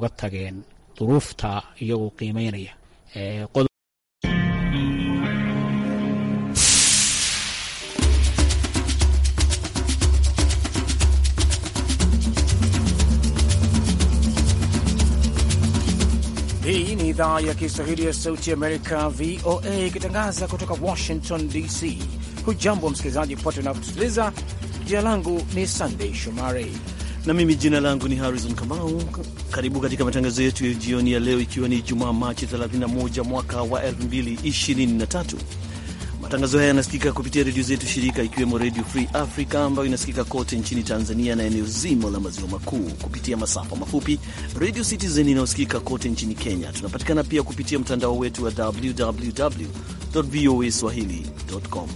uga tageen duruufta iyagu qiimeynaya Hii ni idhaa ya Kiswahili ya Sauti Amerika, VOA, ikitangaza kutoka Washington DC. Hujambo msikilizaji pote unapotusikiliza. Jina langu ni Sandei Shomari na mimi jina langu ni Harrison Kamau. Karibu katika matangazo yetu ya jioni ya leo, ikiwa ni Jumaa Machi 31 mwaka wa 2023. Matangazo haya yanasikika kupitia redio zetu shirika, ikiwemo Redio Free Africa ambayo inasikika kote nchini Tanzania na eneo zima la maziwa makuu kupitia masafa mafupi, Redio Citizen inayosikika kote nchini Kenya. Tunapatikana pia kupitia mtandao wetu wa www voa swahili.com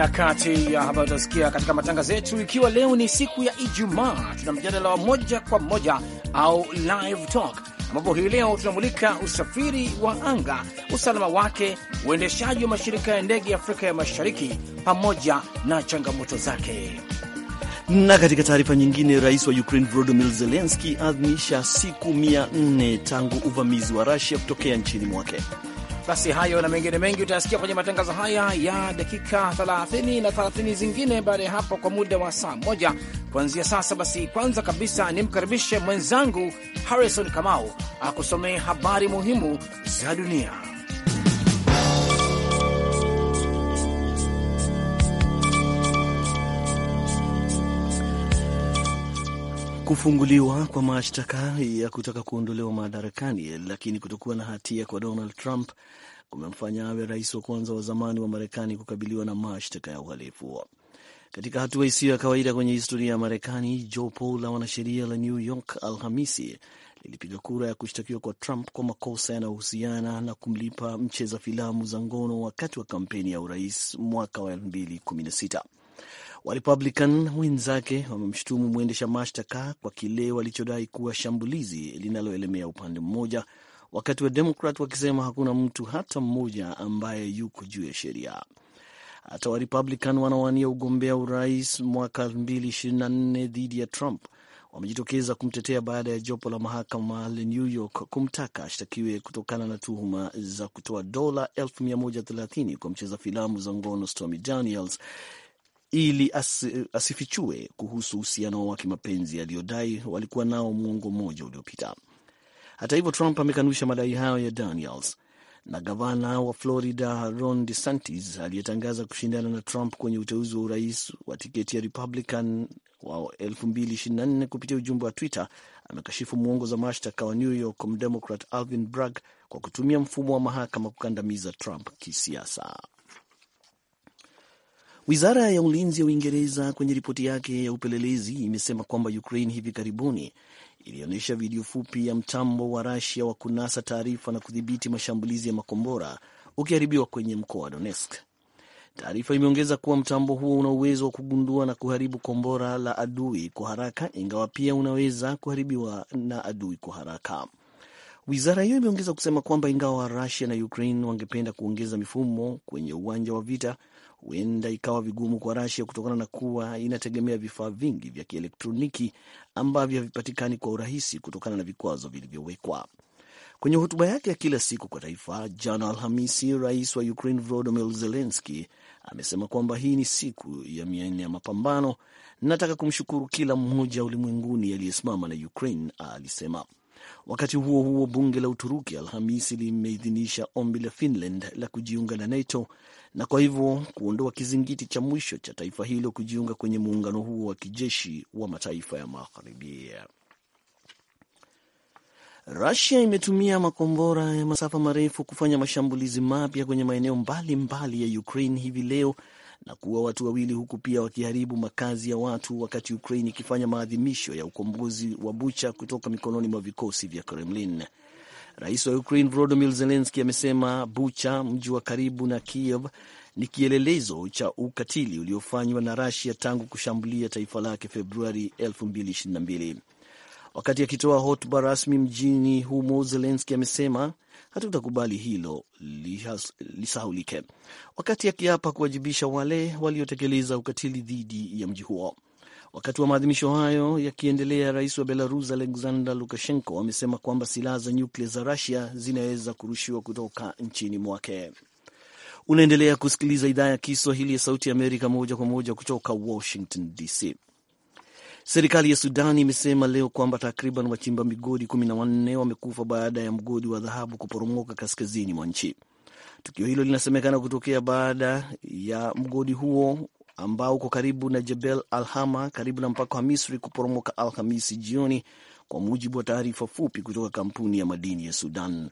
na kati ya habari utasikia katika matangazo yetu, ikiwa leo ni siku ya Ijumaa, tuna mjadala wa moja kwa moja au live talk, ambapo hii leo tunamulika usafiri wa anga, usalama wake, uendeshaji wa mashirika ya ndege ya Afrika ya Mashariki pamoja na changamoto zake. Na katika taarifa nyingine, rais wa Ukraine Volodymyr Zelensky aadhimisha siku mia nne tangu uvamizi wa Rusia kutokea nchini mwake. Basi hayo na mengine mengi utayasikia kwenye matangazo haya ya dakika 30 na 30 zingine baada ya hapo, kwa muda wa saa moja kuanzia sasa. Basi kwanza kabisa nimkaribishe mwenzangu Harrison Kamau akusomee habari muhimu za dunia. kufunguliwa kwa mashtaka ya kutaka kuondolewa madarakani, lakini kutokuwa na hatia kwa Donald Trump kumemfanya awe rais wa kwanza wa zamani wa Marekani kukabiliwa na mashtaka ya uhalifu. Katika hatua isiyo ya kawaida kwenye historia ya Marekani, jopo la wanasheria la New York Alhamisi lilipiga kura ya kushtakiwa kwa Trump kwa makosa yanayohusiana na kumlipa mcheza filamu za ngono wakati wa kampeni ya urais mwaka wa 2016 wa Republican wenzake wamemshutumu mwendesha mashtaka kwa kile walichodai kuwa shambulizi linaloelemea upande mmoja, wakati wa Demokrat wakisema hakuna mtu hata mmoja ambaye yuko juu ya sheria. Hata wa Republican wanaowania ugombea urais mwaka 2024 dhidi ya Trump wamejitokeza kumtetea baada ya jopo la mahakama la New York kumtaka ashtakiwe kutokana na tuhuma za kutoa dola 130 kwa mcheza filamu za ngono Stormy Daniels ili asifichue kuhusu uhusiano wa kimapenzi aliyodai walikuwa nao mwongo mmoja uliopita. Hata hivyo, Trump amekanusha madai hayo ya Daniels na gavana wa Florida Ron DeSantis aliyetangaza kushindana na Trump kwenye uteuzi wa urais wa tiketi ya Republican wa 2024 kupitia ujumbe wa Twitter amekashifu mwongoza mashtaka wa New York Mdemocrat Alvin Bragg kwa kutumia mfumo wa mahakama kukandamiza Trump kisiasa. Wizara ya ulinzi ya Uingereza kwenye ripoti yake ya upelelezi imesema kwamba Ukraine hivi karibuni ilionyesha video fupi ya mtambo wa rasia wa kunasa taarifa na kudhibiti mashambulizi ya makombora ukiharibiwa kwenye mkoa wa Donetsk. Taarifa imeongeza kuwa mtambo huo una uwezo wa kugundua na kuharibu kombora la adui kwa haraka, ingawa pia unaweza kuharibiwa na adui kwa haraka. Wizara hiyo imeongeza kusema kwamba ingawa Rusia na Ukraine wangependa kuongeza mifumo kwenye uwanja wa vita, huenda ikawa vigumu kwa Rusia kutokana na kuwa inategemea vifaa vingi vya kielektroniki ambavyo havipatikani kwa urahisi kutokana na vikwazo vilivyowekwa. Kwenye hotuba yake ya kila siku kwa taifa jana Alhamisi, rais wa Ukraine Volodymyr Zelensky amesema kwamba hii ni siku ya mia nne ya mapambano. Nataka kumshukuru kila mmoja ulimwenguni aliyesimama na Ukraine, alisema. Wakati huo huo, bunge la Uturuki Alhamisi limeidhinisha ombi la Finland la kujiunga na NATO na kwa hivyo kuondoa kizingiti cha mwisho cha taifa hilo kujiunga kwenye muungano huo wa kijeshi wa mataifa ya Magharibi. Rusia imetumia makombora ya masafa marefu kufanya mashambulizi mapya kwenye maeneo mbalimbali mbali ya Ukraine hivi leo na kuua watu wawili huku pia wakiharibu makazi ya watu wakati Ukraine ikifanya maadhimisho ya ukombozi wa Bucha kutoka mikononi mwa vikosi vya Kremlin. Rais wa Ukraine Volodymyr Zelensky amesema Bucha, mji wa karibu na Kiev, ni kielelezo cha ukatili uliofanywa na Russia tangu kushambulia taifa lake Februari 2022. Wakati akitoa hotuba rasmi mjini humo, zelenski amesema Hatutakubali hilo lisahulike wakati akiapa kuwajibisha wale waliotekeleza ukatili dhidi ya mji huo. Wakati wa maadhimisho hayo yakiendelea, rais wa Belarus Alexander Lukashenko amesema kwamba silaha za nyuklia za Rusia zinaweza kurushiwa kutoka nchini mwake. Unaendelea kusikiliza idhaa ya Kiswahili ya Sauti ya Amerika moja kwa moja kutoka Washington DC. Serikali ya Sudan imesema leo kwamba takriban wachimba migodi kumi na wanne wamekufa baada ya mgodi wa dhahabu kuporomoka kaskazini mwa nchi. Tukio hilo linasemekana kutokea baada ya mgodi huo ambao uko karibu na Jebel Alhama karibu na mpaka wa Misri kuporomoka Alhamisi jioni, kwa mujibu wa taarifa fupi kutoka kampuni ya madini ya Sudan.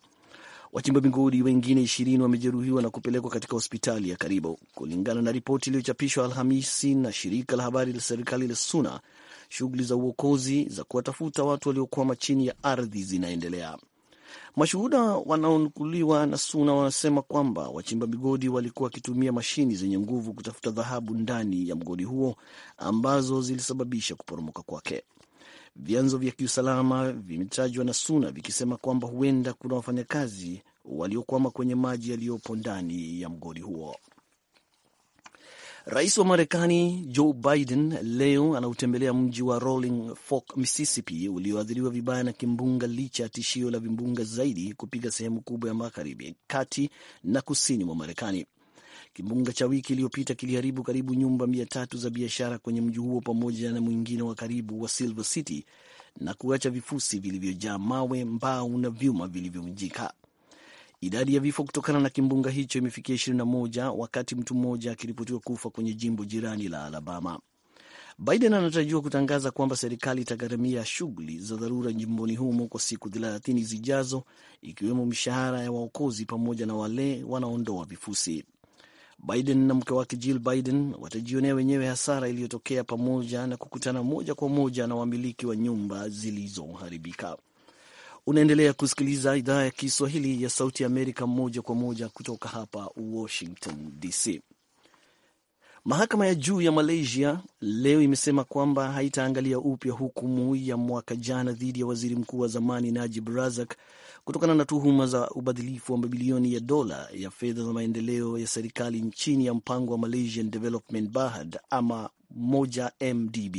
Wachimba migodi wengine ishirini wamejeruhiwa na kupelekwa katika hospitali ya karibu, kulingana na ripoti iliyochapishwa Alhamisi na shirika la habari la serikali la SUNA shughuli za uokozi za kuwatafuta watu waliokwama chini ya ardhi zinaendelea. Mashuhuda wanaonukuliwa na SUNA wanasema kwamba wachimba migodi walikuwa wakitumia mashini zenye nguvu kutafuta dhahabu ndani ya mgodi huo ambazo zilisababisha kuporomoka kwake. Vyanzo vya kiusalama vimetajwa na SUNA vikisema kwamba huenda kuna wafanyakazi waliokwama kwenye maji yaliyopo ndani ya mgodi huo. Rais wa Marekani Joe Biden leo anautembelea mji wa Rolling Fork, Mississippi, ulioathiriwa vibaya na kimbunga licha ya tishio la vimbunga zaidi kupiga sehemu kubwa ya magharibi, kati na kusini mwa Marekani. Kimbunga cha wiki iliyopita kiliharibu karibu nyumba mia tatu za biashara kwenye mji huo pamoja na mwingine wa karibu wa Silver City na kuacha vifusi vilivyojaa mawe, mbao na vyuma vilivyovunjika. Idadi ya vifo kutokana na kimbunga hicho imefikia 21 wakati mtu mmoja akiripotiwa kufa kwenye jimbo jirani la Alabama. Biden anatarajiwa kutangaza kwamba serikali itagharamia shughuli za dharura jimboni humo kwa siku 30 zijazo, ikiwemo mishahara ya waokozi pamoja na wale wanaondoa vifusi. Biden na mke wake Jill Biden watajionea wenyewe hasara iliyotokea pamoja na kukutana moja kwa moja na wamiliki wa nyumba zilizoharibika. Unaendelea kusikiliza idhaa ya Kiswahili ya Sauti Amerika moja kwa moja kutoka hapa Washington DC. Mahakama ya juu ya Malaysia leo imesema kwamba haitaangalia upya hukumu ya mwaka jana dhidi ya waziri mkuu wa zamani Najib Razak kutokana na tuhuma za ubadhilifu wa mabilioni ya dola ya fedha za maendeleo ya serikali chini ya mpango wa Malaysian Development Bahad ama moja MDB.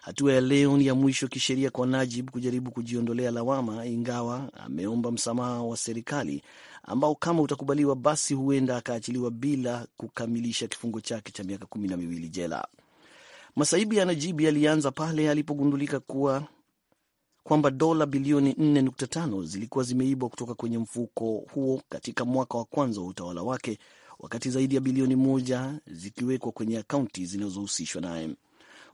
Hatua ya leo ni ya mwisho kisheria kwa Najib kujaribu kujiondolea lawama, ingawa ameomba msamaha wa serikali ambao kama utakubaliwa, basi huenda akaachiliwa bila kukamilisha kifungo chake cha miaka kumi na miwili jela. Masaibu ya Najib yalianza pale alipogundulika kuwa kwamba dola bilioni 4.5 zilikuwa zimeibwa kutoka kwenye mfuko huo katika mwaka wa kwanza wa utawala wake, wakati zaidi ya bilioni moja zikiwekwa kwenye akaunti zinazohusishwa naye.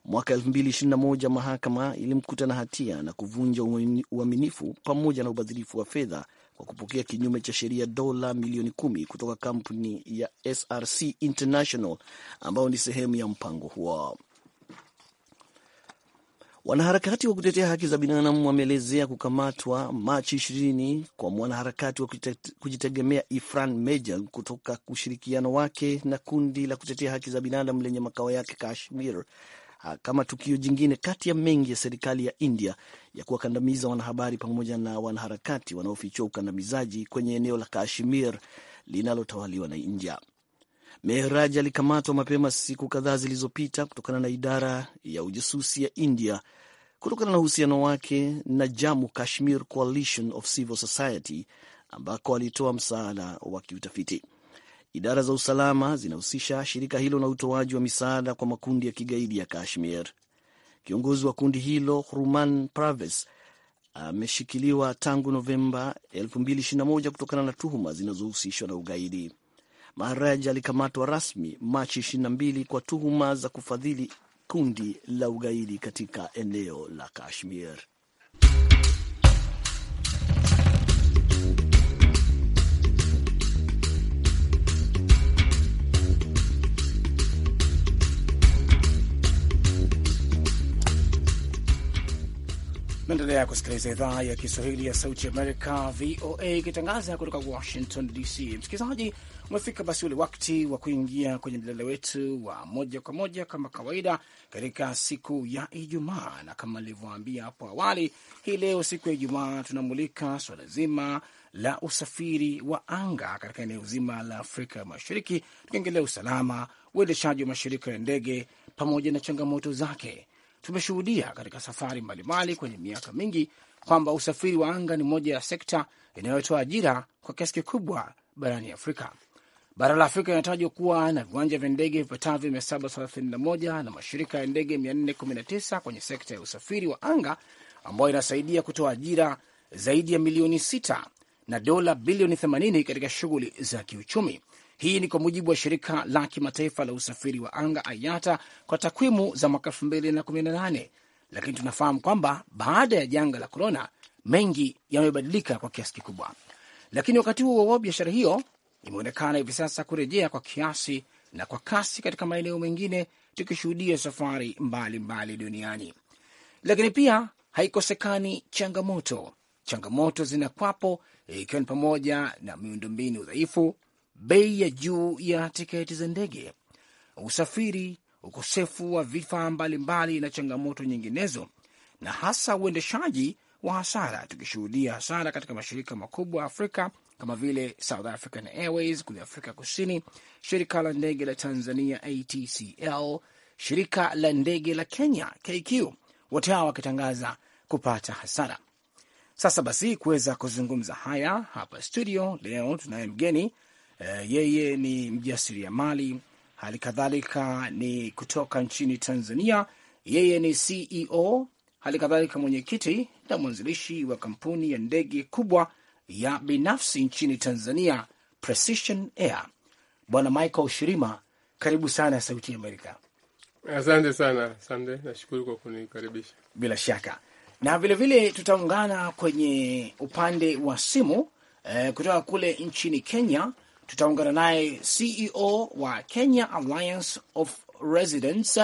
Mwaka 2021 mahakama ilimkuta na hatia na kuvunja uaminifu pamoja na ubadhirifu wa fedha kwa kupokea kinyume cha sheria dola milioni kumi kutoka kampuni ya SRC International ambayo ni sehemu ya mpango huo. Wanaharakati wa kutetea haki za binadamu wameelezea kukamatwa Machi 20 kwa mwanaharakati wa kujitegemea Ifran Mejal kutoka ushirikiano wake na kundi la kutetea haki za binadamu lenye makao yake Kashmir Ah, kama tukio jingine kati ya mengi ya serikali ya India ya kuwakandamiza wanahabari pamoja na wanaharakati wanaofichua ukandamizaji kwenye eneo la Kashmir linalotawaliwa na India. Mehraj alikamatwa mapema siku kadhaa zilizopita kutokana na idara ya ujasusi ya India kutokana na uhusiano wake na Jammu Kashmir Coalition of Civil Society ambako alitoa msaada wa kiutafiti. Idara za usalama zinahusisha shirika hilo na utoaji wa misaada kwa makundi ya kigaidi ya Kashmir. Kiongozi wa kundi hilo ruman praves ameshikiliwa tangu Novemba 2021 kutokana na tuhuma zinazohusishwa na ugaidi. Maharaj alikamatwa rasmi Machi 22 kwa tuhuma za kufadhili kundi la ugaidi katika eneo la Kashmir. Naendelea kusikiliza idhaa ya Kiswahili ya Sauti Amerika, VOA, ikitangaza kutoka Washington DC. Msikilizaji, umefika basi ule wakati wa kuingia kwenye mjadala wetu wa moja kwa moja kama kawaida katika siku ya Ijumaa, na kama nilivyoambia hapo awali, hii leo siku ya Ijumaa tunamulika swala zima la usafiri wa anga katika eneo zima la Afrika Mashariki, tukiengelea usalama, uendeshaji wa mashirika ya ndege pamoja na changamoto zake tumeshuhudia katika safari mbalimbali kwenye miaka mingi kwamba usafiri wa anga ni moja ya sekta inayotoa ajira kwa kiasi kikubwa barani Afrika. Bara la Afrika inatajwa kuwa na viwanja vya ndege vipatavyo 731 na mashirika ya ndege 419 kwenye sekta ya usafiri wa anga ambayo inasaidia kutoa ajira zaidi ya milioni sita na dola bilioni 80 katika shughuli za kiuchumi hii ni kwa mujibu wa shirika la kimataifa la usafiri wa anga IATA kwa takwimu za mwaka 2018, lakini tunafahamu kwamba baada ya janga la korona mengi yamebadilika kwa kiasi kikubwa. Lakini wakati huo huo, biashara hiyo imeonekana hivi sasa kurejea kwa kiasi na kwa kasi katika maeneo mengine, tukishuhudia safari mbalimbali mbali duniani. Lakini pia haikosekani changamoto. Changamoto zinakwapo ikiwa ni pamoja na miundombinu dhaifu, bei ya juu ya tiketi za ndege, usafiri, ukosefu wa vifaa mbalimbali na changamoto nyinginezo, na hasa uendeshaji wa hasara, tukishuhudia hasara katika mashirika makubwa ya Afrika kama vile South African Airways kule Afrika Kusini, shirika la ndege la Tanzania ATCL, shirika la ndege la Kenya KQ, wote hawa wakitangaza kupata hasara. Sasa basi, kuweza kuzungumza haya hapa studio leo tunaye mgeni Eh, yeye ni mjasiriamali, hali kadhalika ni kutoka nchini Tanzania. Yeye ni CEO, hali kadhalika mwenyekiti na mwanzilishi wa kampuni ya ndege kubwa ya binafsi nchini Tanzania, Precision Air. Bwana Michael Shirima, karibu sana Sauti ya Amerika. Asante sana Sande, nashukuru kwa kunikaribisha. Bila shaka na vilevile tutaungana kwenye upande wa simu eh, kutoka kule nchini Kenya Tutaungana naye CEO wa Kenya Alliance of Residents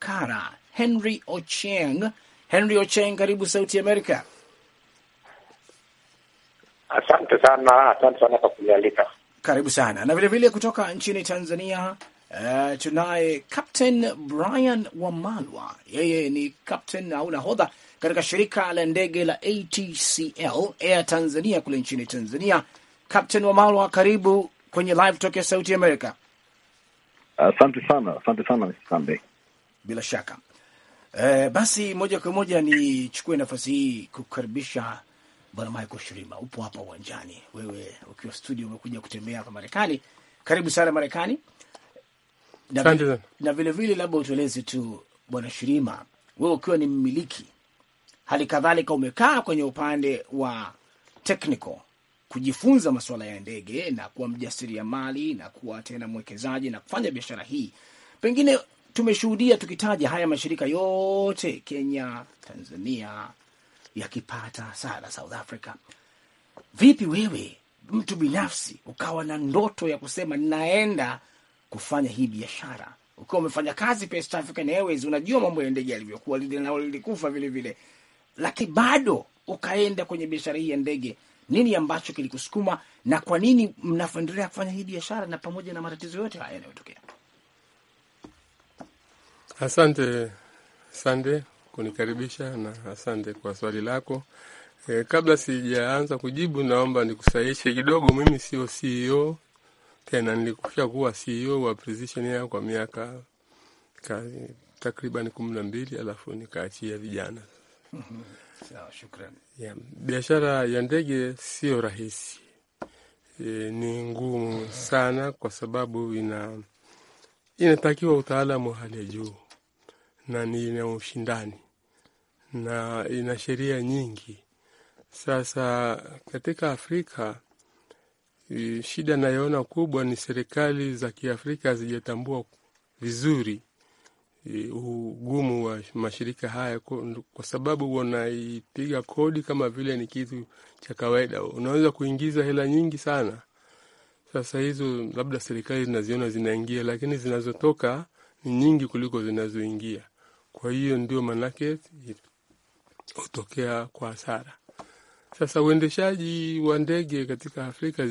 Kara, Henry Ocheng. Henry Ocheng, karibu Sauti Amerika. Asante sana, asante sana kwa kunialika. Karibu sana na vilevile vile kutoka nchini Tanzania uh, tunaye Captain Brian Wamalwa, yeye ni captain au nahodha katika shirika la ndege la ATCL Air Tanzania kule nchini Tanzania. Captain Wamalwa, karibu kwenye live kutoka Sauti Amerika. Asante uh, sana, asante sana Sunday. Bila shaka eh, basi moja kwa moja nichukue nafasi hii kukaribisha Bwana Michael Shirima. Upo hapa uwanjani wewe, ukiwa studio, umekuja kutembea hapa Marekani. Karibu sana Marekani na vilevile, labda utueleze tu Bwana Shirima, wewe ukiwa ni mmiliki, hali kadhalika umekaa kwenye upande wa technical kujifunza masuala ya ndege na kuwa mjasiriamali na kuwa tena mwekezaji na kufanya biashara hii. Pengine tumeshuhudia tukitaja haya mashirika yote, Kenya, Tanzania, yakipata hasara, South Africa. Vipi wewe mtu binafsi ukawa na ndoto ya kusema ninaenda kufanya hii biashara ukiwa umefanya kazi East African Airways, unajua mambo ya ndege yalivyokuwa, lile nao lilikufa vile vile, lakini bado ukaenda kwenye biashara hii ya ndege nini ambacho kilikusukuma na kwa nini mnaendelea kufanya hii biashara na pamoja na matatizo yote haya yanayotokea? Asante sande kunikaribisha na asante kwa swali lako. E, kabla sijaanza kujibu, naomba nikusahihishe kidogo. Mimi sio CEO tena, nilikusha kuwa CEO wa Precision Air kwa miaka takriban kumi na mbili alafu nikaachia vijana. Yeah. Biashara ya ndege sio rahisi e, ni ngumu sana kwa sababu ina inatakiwa utaalamu wa hali ya juu na ni ina ushindani na ina sheria nyingi. Sasa katika Afrika e, shida nayoona kubwa ni serikali za Kiafrika hazijatambua vizuri Eh, ugumu wa mashirika haya kwa sababu wanaipiga kodi kama vile ni kitu cha kawaida. Unaweza kuingiza hela nyingi sana. Sasa hizo labda serikali zinaziona zinaingia, lakini zinazotoka ni nyingi kuliko zinazoingia. Kwa hiyo ndio maanake hutokea kwa hasara. Sasa uendeshaji wa ndege katika Afrika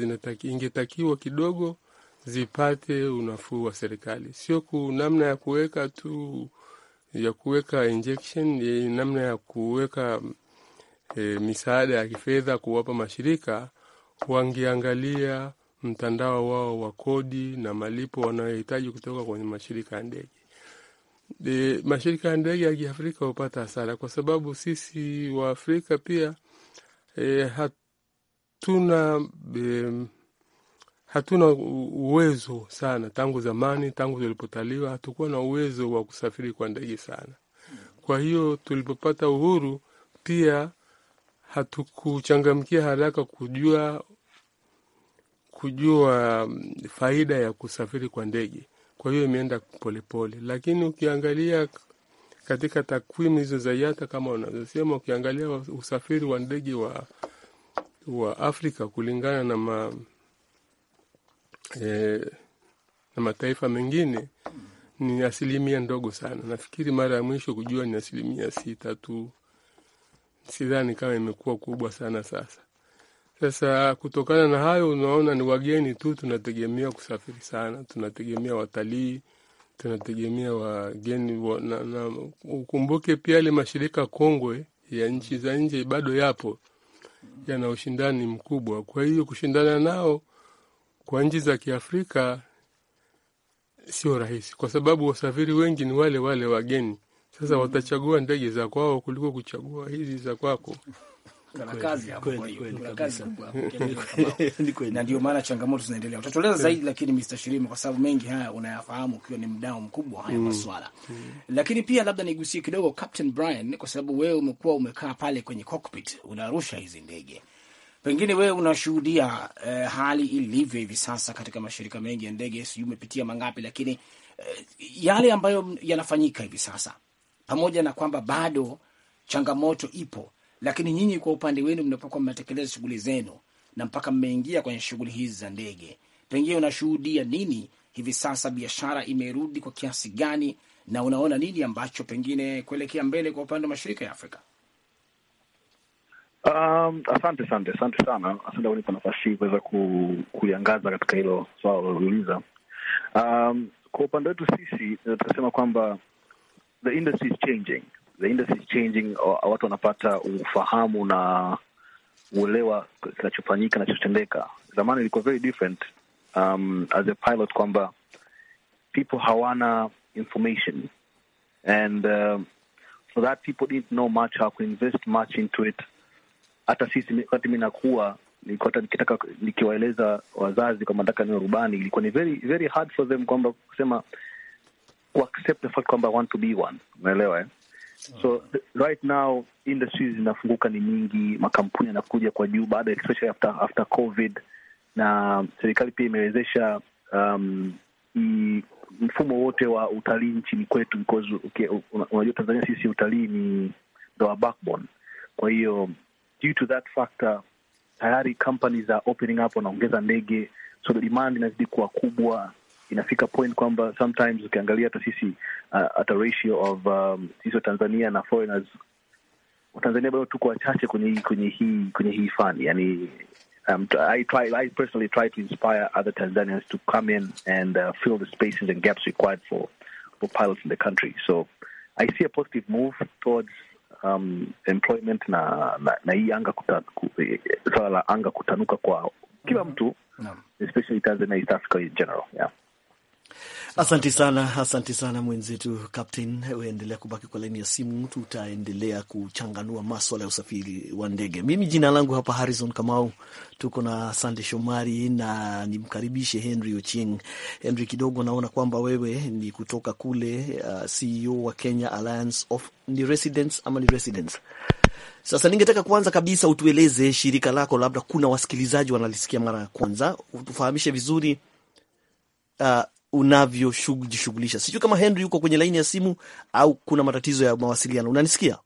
ingetakiwa kidogo zipate unafuu wa serikali, sio namna ya kuweka tu ya kuweka injection, namna ya kuweka e, misaada ya kifedha kuwapa mashirika. Wangeangalia mtandao wao wa kodi na malipo wanayohitaji kutoka kwenye mashirika ya ndege. E, mashirika ya ndege ya Kiafrika hupata hasara kwa sababu sisi Waafrika pia e, hatuna e, hatuna uwezo sana. Tangu zamani, tangu tulipotaliwa, hatukuwa na uwezo wa kusafiri kwa ndege sana. Kwa hiyo tulipopata uhuru pia hatukuchangamkia haraka kujua kujua mm, faida ya kusafiri kwa ndege. Kwa hiyo imeenda polepole, lakini ukiangalia katika takwimu hizo za IATA kama unazosema, ukiangalia usafiri wa ndege wa wa Afrika kulingana na ma, eh, na mataifa mengine ni asilimia ndogo sana. Nafikiri mara ya mwisho kujua ni asilimia sita tu, sidhani kama imekuwa kubwa sana sasa. Sasa kutokana na hayo, unaona ni wageni tu tunategemea kusafiri sana, tunategemea watalii, tunategemea wageni wa, na, na, ukumbuke pia yale mashirika kongwe ya nchi za nje bado yapo, yana ushindani mkubwa, kwa hiyo kushindana nao kwa nchi za Kiafrika sio rahisi, kwa sababu wasafiri wengi ni wale wale wageni. Sasa mm, watachagua ndege za kwao kuliko kuchagua hizi za kwako. Na ndio maana changamoto zinaendelea. Utatueleza mm. zaidi lakini, Mr. Shirima, kwa sababu mengi haya unayafahamu ukiwa ni mdao mkubwa haya mm. maswala mm. Mm. Lakini pia labda nigusie kidogo Captain Brian, kwa sababu wewe umekuwa umekaa pale kwenye cockpit unarusha hizi ndege pengine wewe unashuhudia eh, hali ilivyo hivi sasa katika mashirika mengi ya ndege, sijui umepitia mangapi, lakini eh, yale ambayo yanafanyika hivi sasa, pamoja na kwamba bado changamoto ipo, lakini nyinyi kwa upande wenu mnapokuwa mnatekeleza shughuli zenu na mpaka mmeingia kwenye shughuli hizi za ndege, pengine unashuhudia nini hivi sasa? Biashara imerudi kwa kiasi gani, na unaona nini ambacho pengine kuelekea mbele kwa upande wa mashirika ya Afrika? Um, asante sante asante sana, asante kunipa nafasi hii kuweza ku, kuliangaza katika hilo swala uliloliuliza. Um, kwa upande wetu sisi eh, tukasema kwamba the industry is changing, the industry is changing. Watu wanapata ufahamu na uelewa kinachofanyika kinachotendeka. Zamani ilikuwa very different. Um, as a pilot kwamba people hawana information and um, uh, for that people didn't know much how much into it hata sisi wakati mi nakuwa nilikuwa hata nikitaka nikiwaeleza wazazi kwamba nataka niwe rubani, ilikuwa ni very very hard for them kwamba kusema ku accept the fact kwamba I want to be one, unaelewa eh? So mm. right now industries zinafunguka ni nyingi, makampuni yanakuja kwa juu baada ya especially after, after covid, na serikali pia imewezesha um, mfumo wote wa utalii nchini kwetu because unajua Tanzania sisi utalii ni ndo wa backbone, kwa hiyo due to that factor tayari companies are opening up, wanaongeza ndege, so the demand inazidi kuwa kubwa. Inafika point kwamba sometimes ukiangalia hata sisi uh, at a ratio of um, sisi Tanzania na foreigners, Watanzania bado tuko wachache kwenye kwenye hii kwenye hii fani yani Um, I try. I personally try to inspire other Tanzanians to come in and uh, fill the spaces and gaps required for, for pilots in the country. So I see a positive move towards um, employment na na, na hii anga kuta, ku, eh, eh, swala la anga kutanuka kwa kila mm-hmm. mtu no. especially Tanzania, East Africa in general yeah. Asanti sana, asanti sana mwenzetu Captain. Uendelea kubaki kwa laini ya simu, tutaendelea kuchanganua maswala ya usafiri wa ndege. Mimi jina langu hapa Harrison Kamau, tuko na Sande Shomari na nimkaribishe Henry Ochieng. Henry, kidogo naona kwamba wewe ni kutoka kule, uh, CEO wa Kenya Alliance of ni residence ama ni residence. Sasa ningetaka kwanza kabisa utueleze shirika lako, labda kuna wasikilizaji wanalisikia mara ya kwanza, utufahamishe vizuri uh, unavyojishughulisha. Sijui kama Henry yuko kwenye laini ya simu au kuna matatizo ya mawasiliano. Unanisikia?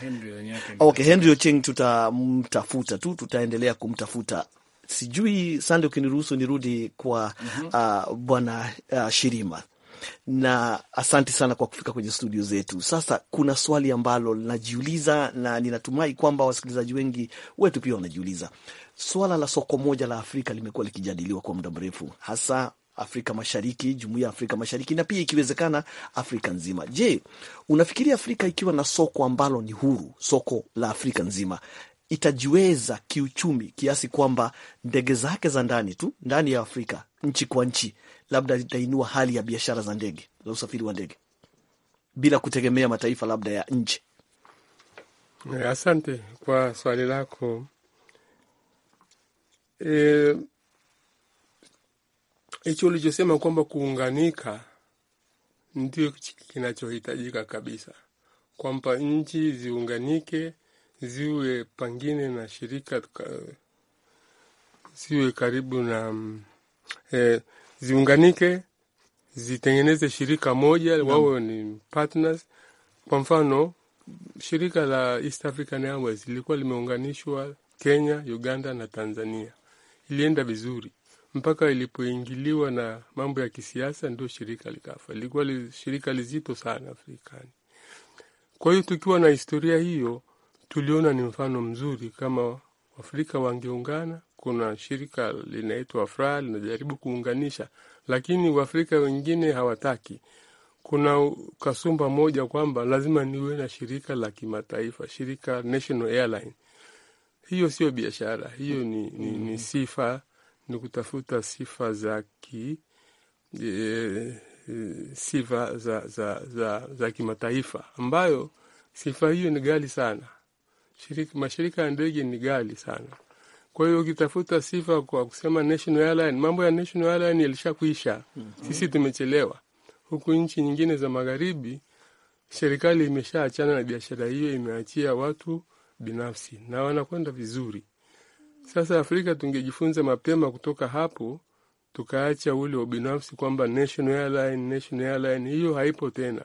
Henry, okay, Henry Ocheng tutamtafuta tu, tutaendelea kumtafuta. Sijui Sande, ukiniruhusu nirudi kwa mm -hmm. uh, bwana uh, Shirima na asante sana kwa kufika kwenye studio zetu. Sasa kuna swali ambalo linajiuliza na ninatumai kwamba wasikilizaji wengi wetu pia wanajiuliza. Swala la soko moja la Afrika limekuwa likijadiliwa kwa muda mrefu, hasa Afrika Mashariki, jumuiya ya Afrika Mashariki na pia ikiwezekana Afrika nzima. Je, unafikiria Afrika ikiwa na soko ambalo ni huru, soko la Afrika nzima itajiweza kiuchumi kiasi kwamba ndege zake za ndani tu ndani ya Afrika, nchi kwa nchi, labda itainua hali ya biashara za ndege za usafiri wa ndege bila kutegemea mataifa labda ya nje. Eh, asante kwa swali lako. Eh, hicho e, ulichosema kwamba kuunganika ndio kinachohitajika kabisa, kwamba nchi ziunganike ziwe pangine na shirika eh, ziwe karibu na e, ziunganike zitengeneze shirika moja, wawe ni partners. Kwa mfano shirika la East African Airways lilikuwa limeunganishwa Kenya, Uganda na Tanzania, ilienda vizuri mpaka ilipoingiliwa na mambo ya kisiasa, ndio shirika likafa. Ilikuwa li, shirika lizito sana Afrikani. Kwa hiyo tukiwa na historia hiyo, tuliona ni mfano mzuri kama Afrika wangeungana kuna shirika linaitwa FRA linajaribu kuunganisha, lakini Waafrika wengine hawataki. Kuna kasumba moja kwamba lazima niwe na shirika la kimataifa, shirika National Airline. Hiyo sio biashara, hiyo ni, ni, ni mm-hmm. sifa, ni kutafuta sifa za ki e, e, sifa za, za, za, za kimataifa ambayo sifa hiyo ni ghali sana. Shirika, mashirika ya ndege ni ghali sana. Kwa hiyo ukitafuta sifa kwa kusema national airline, mambo ya national airline yalishakuisha. mm -hmm. Sisi tumechelewa huku, nchi nyingine za magharibi serikali imeshaachana na biashara hiyo, imeachia watu binafsi na wanakwenda vizuri. Sasa Afrika tungejifunza mapema kutoka hapo, tukaacha ule ubinafsi kwamba national airline, national airline, hiyo haipo tena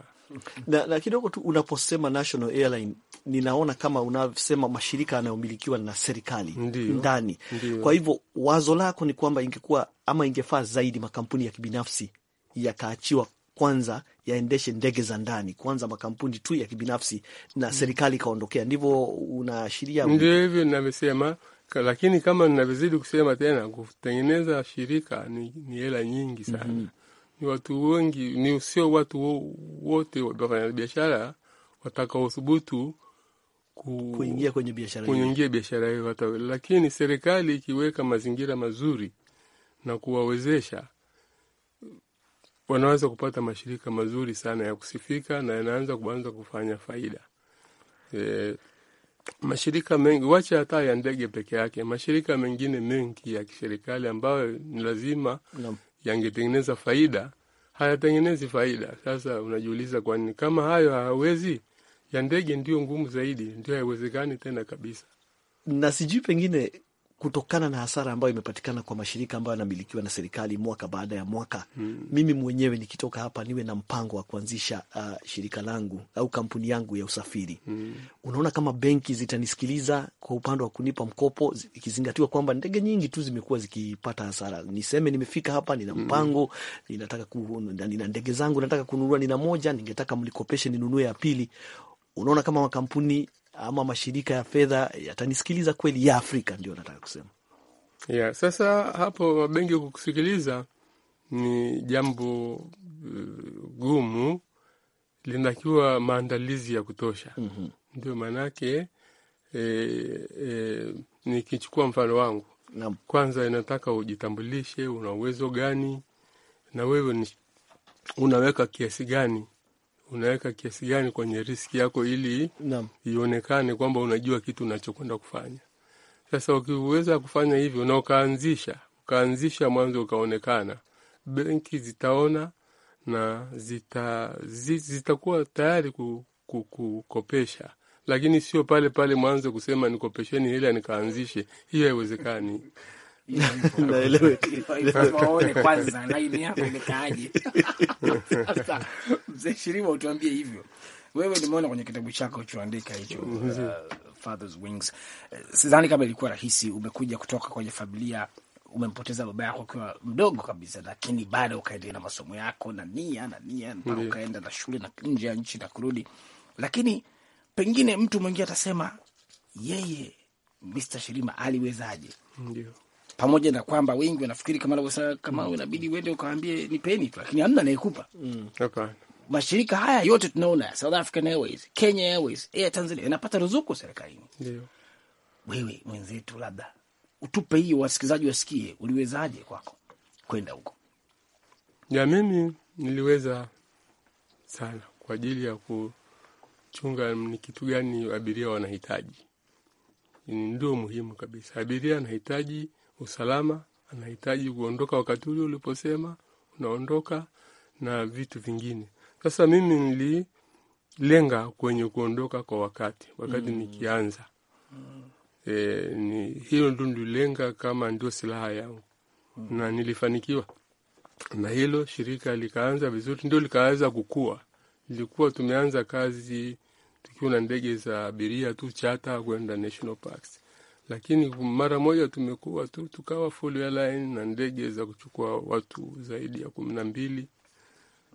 na, na kidogo tu unaposema National Airline ninaona kama unasema mashirika yanayomilikiwa na serikali ndiyo, ndani ndiyo. Kwa hivyo wazo lako ni kwamba ingekuwa ama ingefaa zaidi makampuni ya kibinafsi yakaachiwa kwanza yaendeshe ndege za ndani kwanza, makampuni tu ya kibinafsi na mm. serikali ikaondokea. Ndivyo unaashiria? Ndio hivyo ninavyosema, lakini kama ninavyozidi kusema tena, kutengeneza shirika ni, ni hela nyingi sana mm -hmm ni watu wengi, ni sio watu wote biashara watakaothubutu ku, kuingia kwenye biashara kuingia biashara hiyo hata, lakini serikali ikiweka mazingira mazuri na kuwawezesha wanaweza kupata mashirika mazuri sana ya kusifika na yanaanza kuanza kufanya faida. E, mashirika mengi wacha hata ya ndege peke yake, mashirika mengine mengi ya kiserikali ambayo ni lazima yangetengeneza faida, hayatengenezi faida. Sasa unajiuliza kwa nini? Kama hayo hawezi, ya ndege ndio ngumu zaidi, ndio haiwezekani tena kabisa. Na sijui pengine kutokana na hasara ambayo imepatikana kwa mashirika ambayo yanamilikiwa na serikali mwaka baada ya mwaka hmm. Mimi mwenyewe nikitoka hapa niwe na mpango wa kuanzisha uh, shirika langu au kampuni yangu ya usafiri hmm. Unaona kama benki zitanisikiliza kwa upande wa kunipa mkopo, ikizingatiwa kwamba ndege nyingi tu zimekuwa zikipata hasara. Niseme nimefika hapa, nina hmm. mpango hmm. Ninataka ku, nina ndege zangu nataka kununua, nina moja, ningetaka mlikopeshe ninunue ya pili. Unaona kama makampuni ama mashirika ya fedha yatanisikiliza kweli ya Afrika, ndio nataka kusema. Yeah, sasa hapo benki kukusikiliza ni jambo uh, gumu, linatakiwa maandalizi ya kutosha. mm -hmm. Ndio maanake e, eh, e, eh, nikichukua mfano wangu Nam. Kwanza inataka ujitambulishe, una uwezo gani na wewe ni unaweka kiasi gani unaweka kiasi gani kwenye riski yako ili ionekane kwamba unajua kitu unachokwenda kufanya. Sasa ukiweza kufanya hivyo na ukaanzisha ukaanzisha mwanzo ukaonekana, benki zitaona na zita, zi, zitakuwa tayari kukopesha, lakini sio pale pale mwanzo kusema nikopesheni hili nikaanzishe. Hiyo haiwezekani naelewekaone mzee Shirima, utuambie hivyo wewe nimeona kwenye kitabu chako ulichoandika hicho uh, Father's Wings. Sidhani kama ilikuwa rahisi, umekuja kutoka kwenye familia, umempoteza baba yako ukiwa mdogo kabisa, lakini bado ukaendelea na masomo yako na nia na nia mpaka yeah, ukaenda na shule na nje ya nchi na kurudi. Lakini pengine mtu mwingine atasema yeye Mr. Shirima aliwezaje? Ndiyo pamoja na kwamba wengi wanafikiri kama alivyosema kama mm. inabidi uende ukaambie nipeni tu, lakini hamna anayekupa mm. okay. Mashirika haya yote tunaona South African Airways, Kenya Airways, Air Tanzania yanapata ruzuku serikalini. Ndio wewe mwenzetu, labda utupe hiyo, wasikilizaji wasikie, uliwezaje kwako kwenda huko? Ya mimi niliweza sana kwa ajili ya kuchunga ni kitu gani abiria wanahitaji, ndio muhimu kabisa. Abiria anahitaji usalama, anahitaji kuondoka wakati ule uliposema unaondoka na vitu vingine. Sasa mimi nililenga kwenye kuondoka kwa wakati wakati mm. nikianza mm. E, ni, hiyo ndo nililenga kama ndio silaha yangu mm. na nilifanikiwa na hilo. Shirika likaanza vizuri, ndio likaanza kukua. Ilikuwa tumeanza kazi tukiwa na ndege za abiria tu chata kwenda national parks lakini mara moja tumekuwa tu tukawa full airline na ndege za kuchukua watu zaidi ya kumi na mbili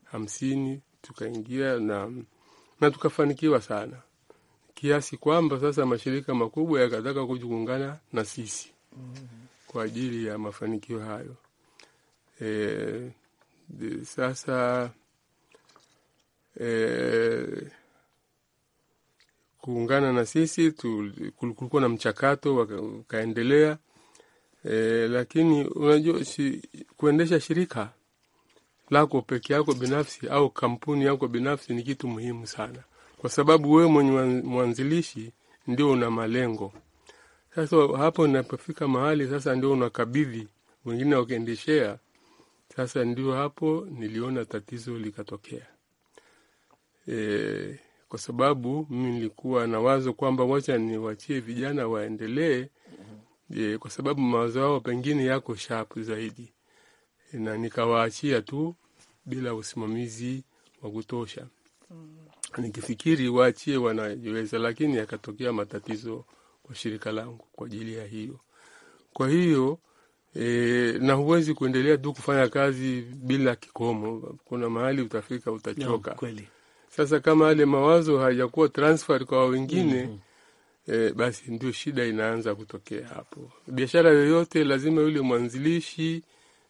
hamsini tukaingia na, na tukafanikiwa sana kiasi kwamba sasa mashirika makubwa yakataka kujiungana na sisi kwa ajili ya mafanikio hayo. E, sasa e, kuungana na sisi tu, kulikuwa na mchakato ukaendelea. E, lakini unajua shi, kuendesha shirika lako peke yako binafsi au kampuni yako binafsi ni kitu muhimu sana, kwa sababu wewe mwenye mwanzilishi ndio una malengo. Sasa hapo inapofika mahali sasa ndio unakabidhi wengine wakiendeshea, sasa ndio hapo niliona tatizo likatokea. E, kwa sababu mimi nilikuwa na wazo kwamba wacha niwachie vijana waendelee, kwa sababu mawazo yao pengine yako shap zaidi, na nikawaachia tu bila usimamizi wa kutosha, mm. nikifikiri waachie wanajiweza, lakini yakatokea matatizo kwa shirika langu kwa ajili ya hiyo. Kwa hiyo e, na huwezi kuendelea tu kufanya kazi bila kikomo. Kuna mahali utafika, utachoka Yeah, kweli. Sasa kama ale mawazo hayajakuwa transfer kwa wengine mm -hmm. E, basi ndio shida inaanza kutokea hapo. Biashara yoyote lazima yule mwanzilishi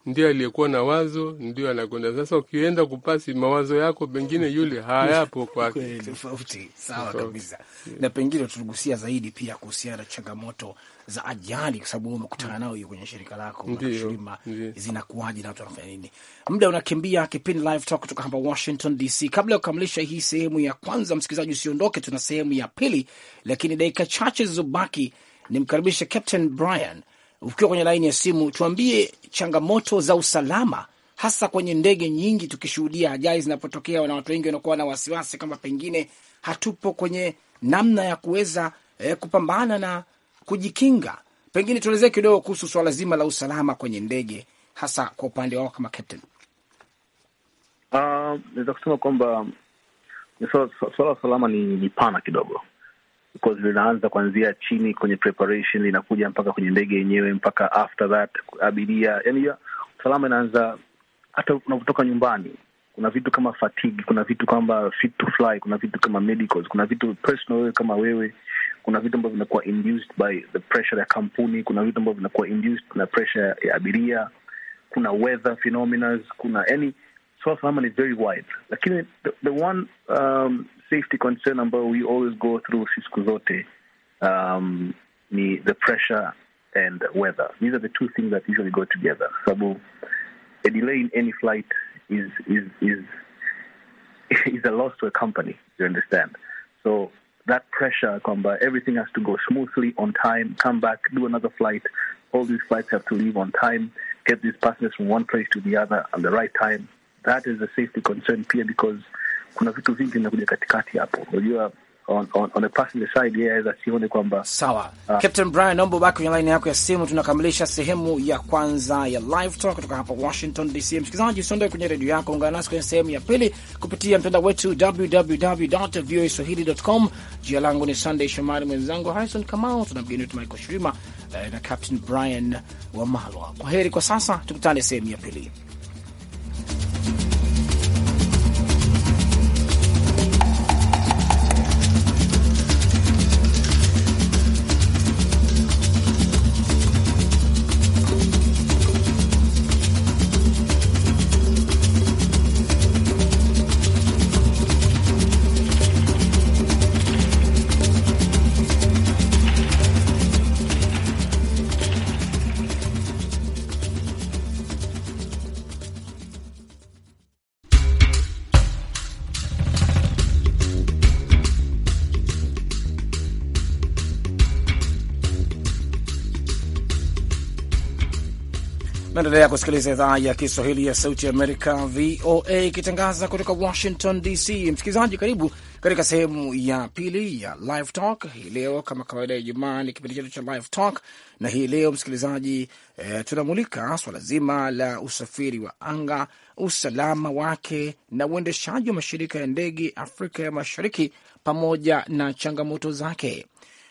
ndio aliyekuwa na wazo, ndio anakwenda sasa. Ukienda kupasi mawazo yako, pengine yule hayapo kwake, tofauti. Sawa kabisa, yeah. Na pengine zaidi pia kuhusiana na changamoto za ajali, kwa sababu umekutana nao hiyo kwenye shirika lako, na watu wanafanya nini? Muda unakimbia. Kipindi Live Talk kutoka hapa Washington DC. Kabla ya kukamilisha hii sehemu ya kwanza, msikilizaji usiondoke, tuna sehemu ya pili, lakini dakika chache zilizobaki nimkaribishe Captain Brian ukiwa kwenye laini ya simu, tuambie changamoto za usalama hasa kwenye ndege nyingi, tukishuhudia ajali zinapotokea na watu wengi wanakuwa na wasiwasi kama pengine hatupo kwenye namna ya kuweza eh, kupambana na kujikinga. Pengine tuelezee kidogo kuhusu swala zima la usalama kwenye ndege, hasa kwa upande wao kama captain. Uh, naweza kusema kwamba swala la usalama ni, ni pana kidogo because linaanza kuanzia chini kwenye preparation, linakuja mpaka kwenye ndege yenyewe, mpaka after that abiria, yani usalama ya, inaanza hata unapotoka nyumbani. Kuna vitu kama fatigue, kuna vitu kama fit to fly, kuna vitu kama medicals, kuna vitu personal wewe kama wewe kuna vitu ambavyo vinakuwa induced by the pressure ya kampuni. Kuna vitu ambavyo vinakuwa induced na pressure ya abiria. Kuna weather phenomena, kuna any yani Southampton is very wide, the, the one um, safety concern ambayo we always go through siku zote um, the pressure and weather. These are the two things that usually go together. Sabu, a delay in any flight is is is is a loss to a company. You understand? So that pressure, Kamba. everything has to go smoothly on time. Come back, do another flight. All these flights have to leave on time. Get these passengers from one place to the other at the right time. that is a safety concern pia because kuna vitu vingi vinakuja katikati hapo, unajua on, on, on a passenger side yeye aweza sione kwamba sawa. Uh, Captain Brian, naomba ubaki kwenye line yako ya simu. Tunakamilisha sehemu ya kwanza ya live talk kutoka hapa Washington DC. Msikilizaji, usiondoe kwenye redio yako, ungana nasi kwenye sehemu ya pili kupitia mtandao wetu www.voaswahili.com. Jina langu ni Sunday Shomari, mwenzangu Harrison Kamau, tuna mgeni wetu Michael Shirima eh, na Captain Brian Wamalwa. Kwa heri kwa sasa, tukutane sehemu ya pili. Naendelea kusikiliza idhaa ya Kiswahili ya Sauti ya Amerika, VOA, ikitangaza kutoka Washington DC. Msikilizaji, karibu katika sehemu ya pili ya Live Talk hii leo. Kama kawaida ya Ijumaa ni kipindi chetu cha Live Talk, na hii leo msikilizaji, eh, tunamulika swala zima la usafiri wa anga, usalama wake na uendeshaji wa mashirika ya ndege Afrika ya Mashariki pamoja na changamoto zake.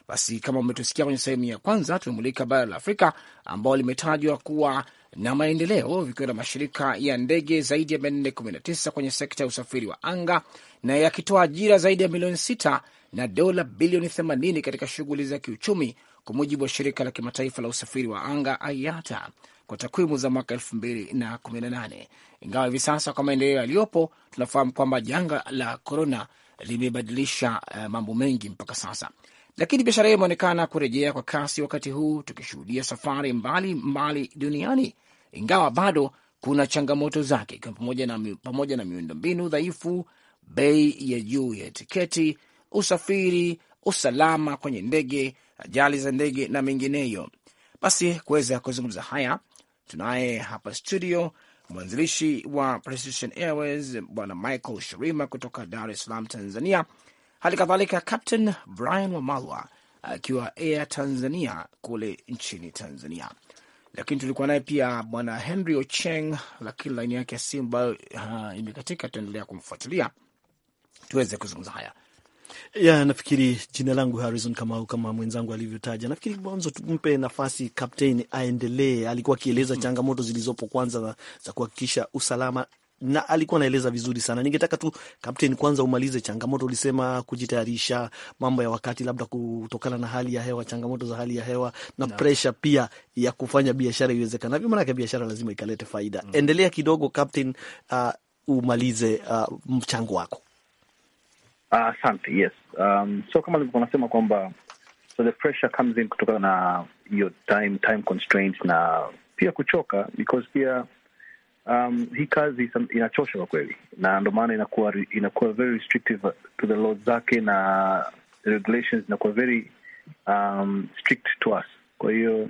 Basi kama umetusikia kwenye sehemu ya kwanza, tumemulika bara la Afrika ambao limetajwa kuwa na maendeleo, vikiwa na mashirika ya ndege zaidi ya 419 kwenye sekta ya usafiri wa anga na yakitoa ajira zaidi ya milioni sita na dola bilioni 80 katika shughuli za kiuchumi, kwa mujibu wa shirika la kimataifa la usafiri wa anga IATA kwa takwimu za mwaka 2018. Ingawa hivi sasa kwa maendeleo yaliyopo, tunafahamu kwamba janga la korona limebadilisha uh, mambo mengi mpaka sasa, lakini biashara hiyo imeonekana kurejea kwa kasi, wakati huu tukishuhudia safari mbali mbali duniani ingawa bado kuna changamoto zake pamoja na, pamoja na miundombinu dhaifu, bei ya juu ya tiketi, usafiri, usalama kwenye ndege, ajali za ndege na mengineyo. Basi kuweza kuzungumza haya tunaye hapa studio mwanzilishi wa Precision Airways Bwana Michael Shirima kutoka Dar es Salaam, Tanzania, hali kadhalika Captain Brian Wamalwa akiwa Air Tanzania kule nchini Tanzania lakini tulikuwa naye pia bwana Henry Ocheng, lakini laini yake ya simu ambayo uh, imekatika. Tutaendelea kumfuatilia tuweze kuzungumza haya ya nafikiri, jina langu Harrison Kamau, kama mwenzangu alivyotaja. Nafikiri mwanzo tumpe nafasi kapteni aendelee. Alikuwa akieleza hmm. changamoto zilizopo, kwanza za kuhakikisha usalama na alikuwa anaeleza vizuri sana. Ningetaka tu Kapteni, kwanza umalize changamoto, ulisema kujitayarisha, mambo ya wakati, labda kutokana na hali ya hewa, changamoto za hali ya hewa na no. presha pia ya kufanya biashara iwezekanavyo, maanake biashara lazima ikalete faida mm. Endelea kidogo Kapteni, uh, umalize uh, mchango wako. Asante. Uh, yes um, so kama nilivyokuwa nasema kwamba so the pressure comes in kutokana na hiyo time, time constraint na pia kuchoka because pia um, hii kazi inachosha kwa kweli, na ndio maana inakuwa inakuwa very restrictive to the laws zake na regulations inakuwa very um, strict to us. Kwa hiyo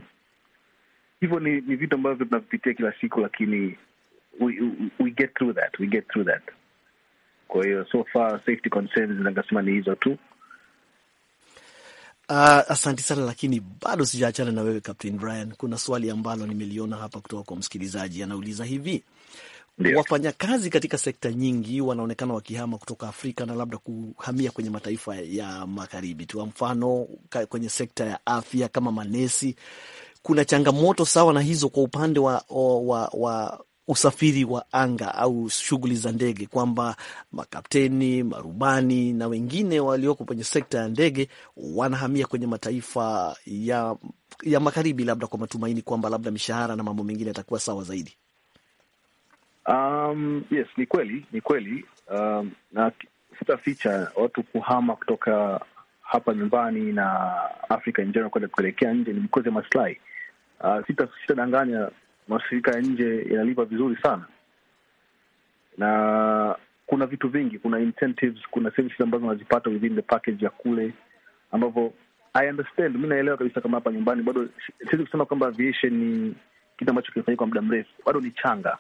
hivyo ni, ni vitu ambavyo tunavipitia kila siku, lakini we, we get through that, we get through that. Kwa hiyo so far safety concerns ningesema ni hizo tu. Uh, ah, asanti sana lakini bado sijaachana na wewe Captain Brian. Kuna swali ambalo nimeliona hapa kutoka kwa msikilizaji, anauliza hivi wafanyakazi katika sekta nyingi wanaonekana wakihama kutoka Afrika na labda kuhamia kwenye mataifa ya magharibi tu, mfano kwenye sekta ya afya kama manesi. Kuna changamoto sawa na hizo kwa upande wa, wa, wa, wa usafiri wa anga au shughuli za ndege, kwamba makapteni, marubani na wengine walioko kwenye sekta ya ndege wanahamia kwenye mataifa ya, ya magharibi, labda kwa matumaini kwamba labda mishahara na mambo mengine yatakuwa sawa zaidi. Um, yes, ni kweli, ni kweli. Um, na sitaficha watu kuhama kutoka hapa nyumbani na Afrika in general kwenda kuelekea nje ni mkozi wa masilahi Uh, sitadanganya mashirika ya nje yanalipa vizuri sana, na kuna vitu vingi, kuna incentives, kuna services ambazo wanazipata within the package ya kule, ambavyo I understand, mi naelewa kabisa kama hapa nyumbani bado siwezi kusema kwamba aviation ni kitu ambacho kimefanyika kwa muda mrefu, bado ni changa.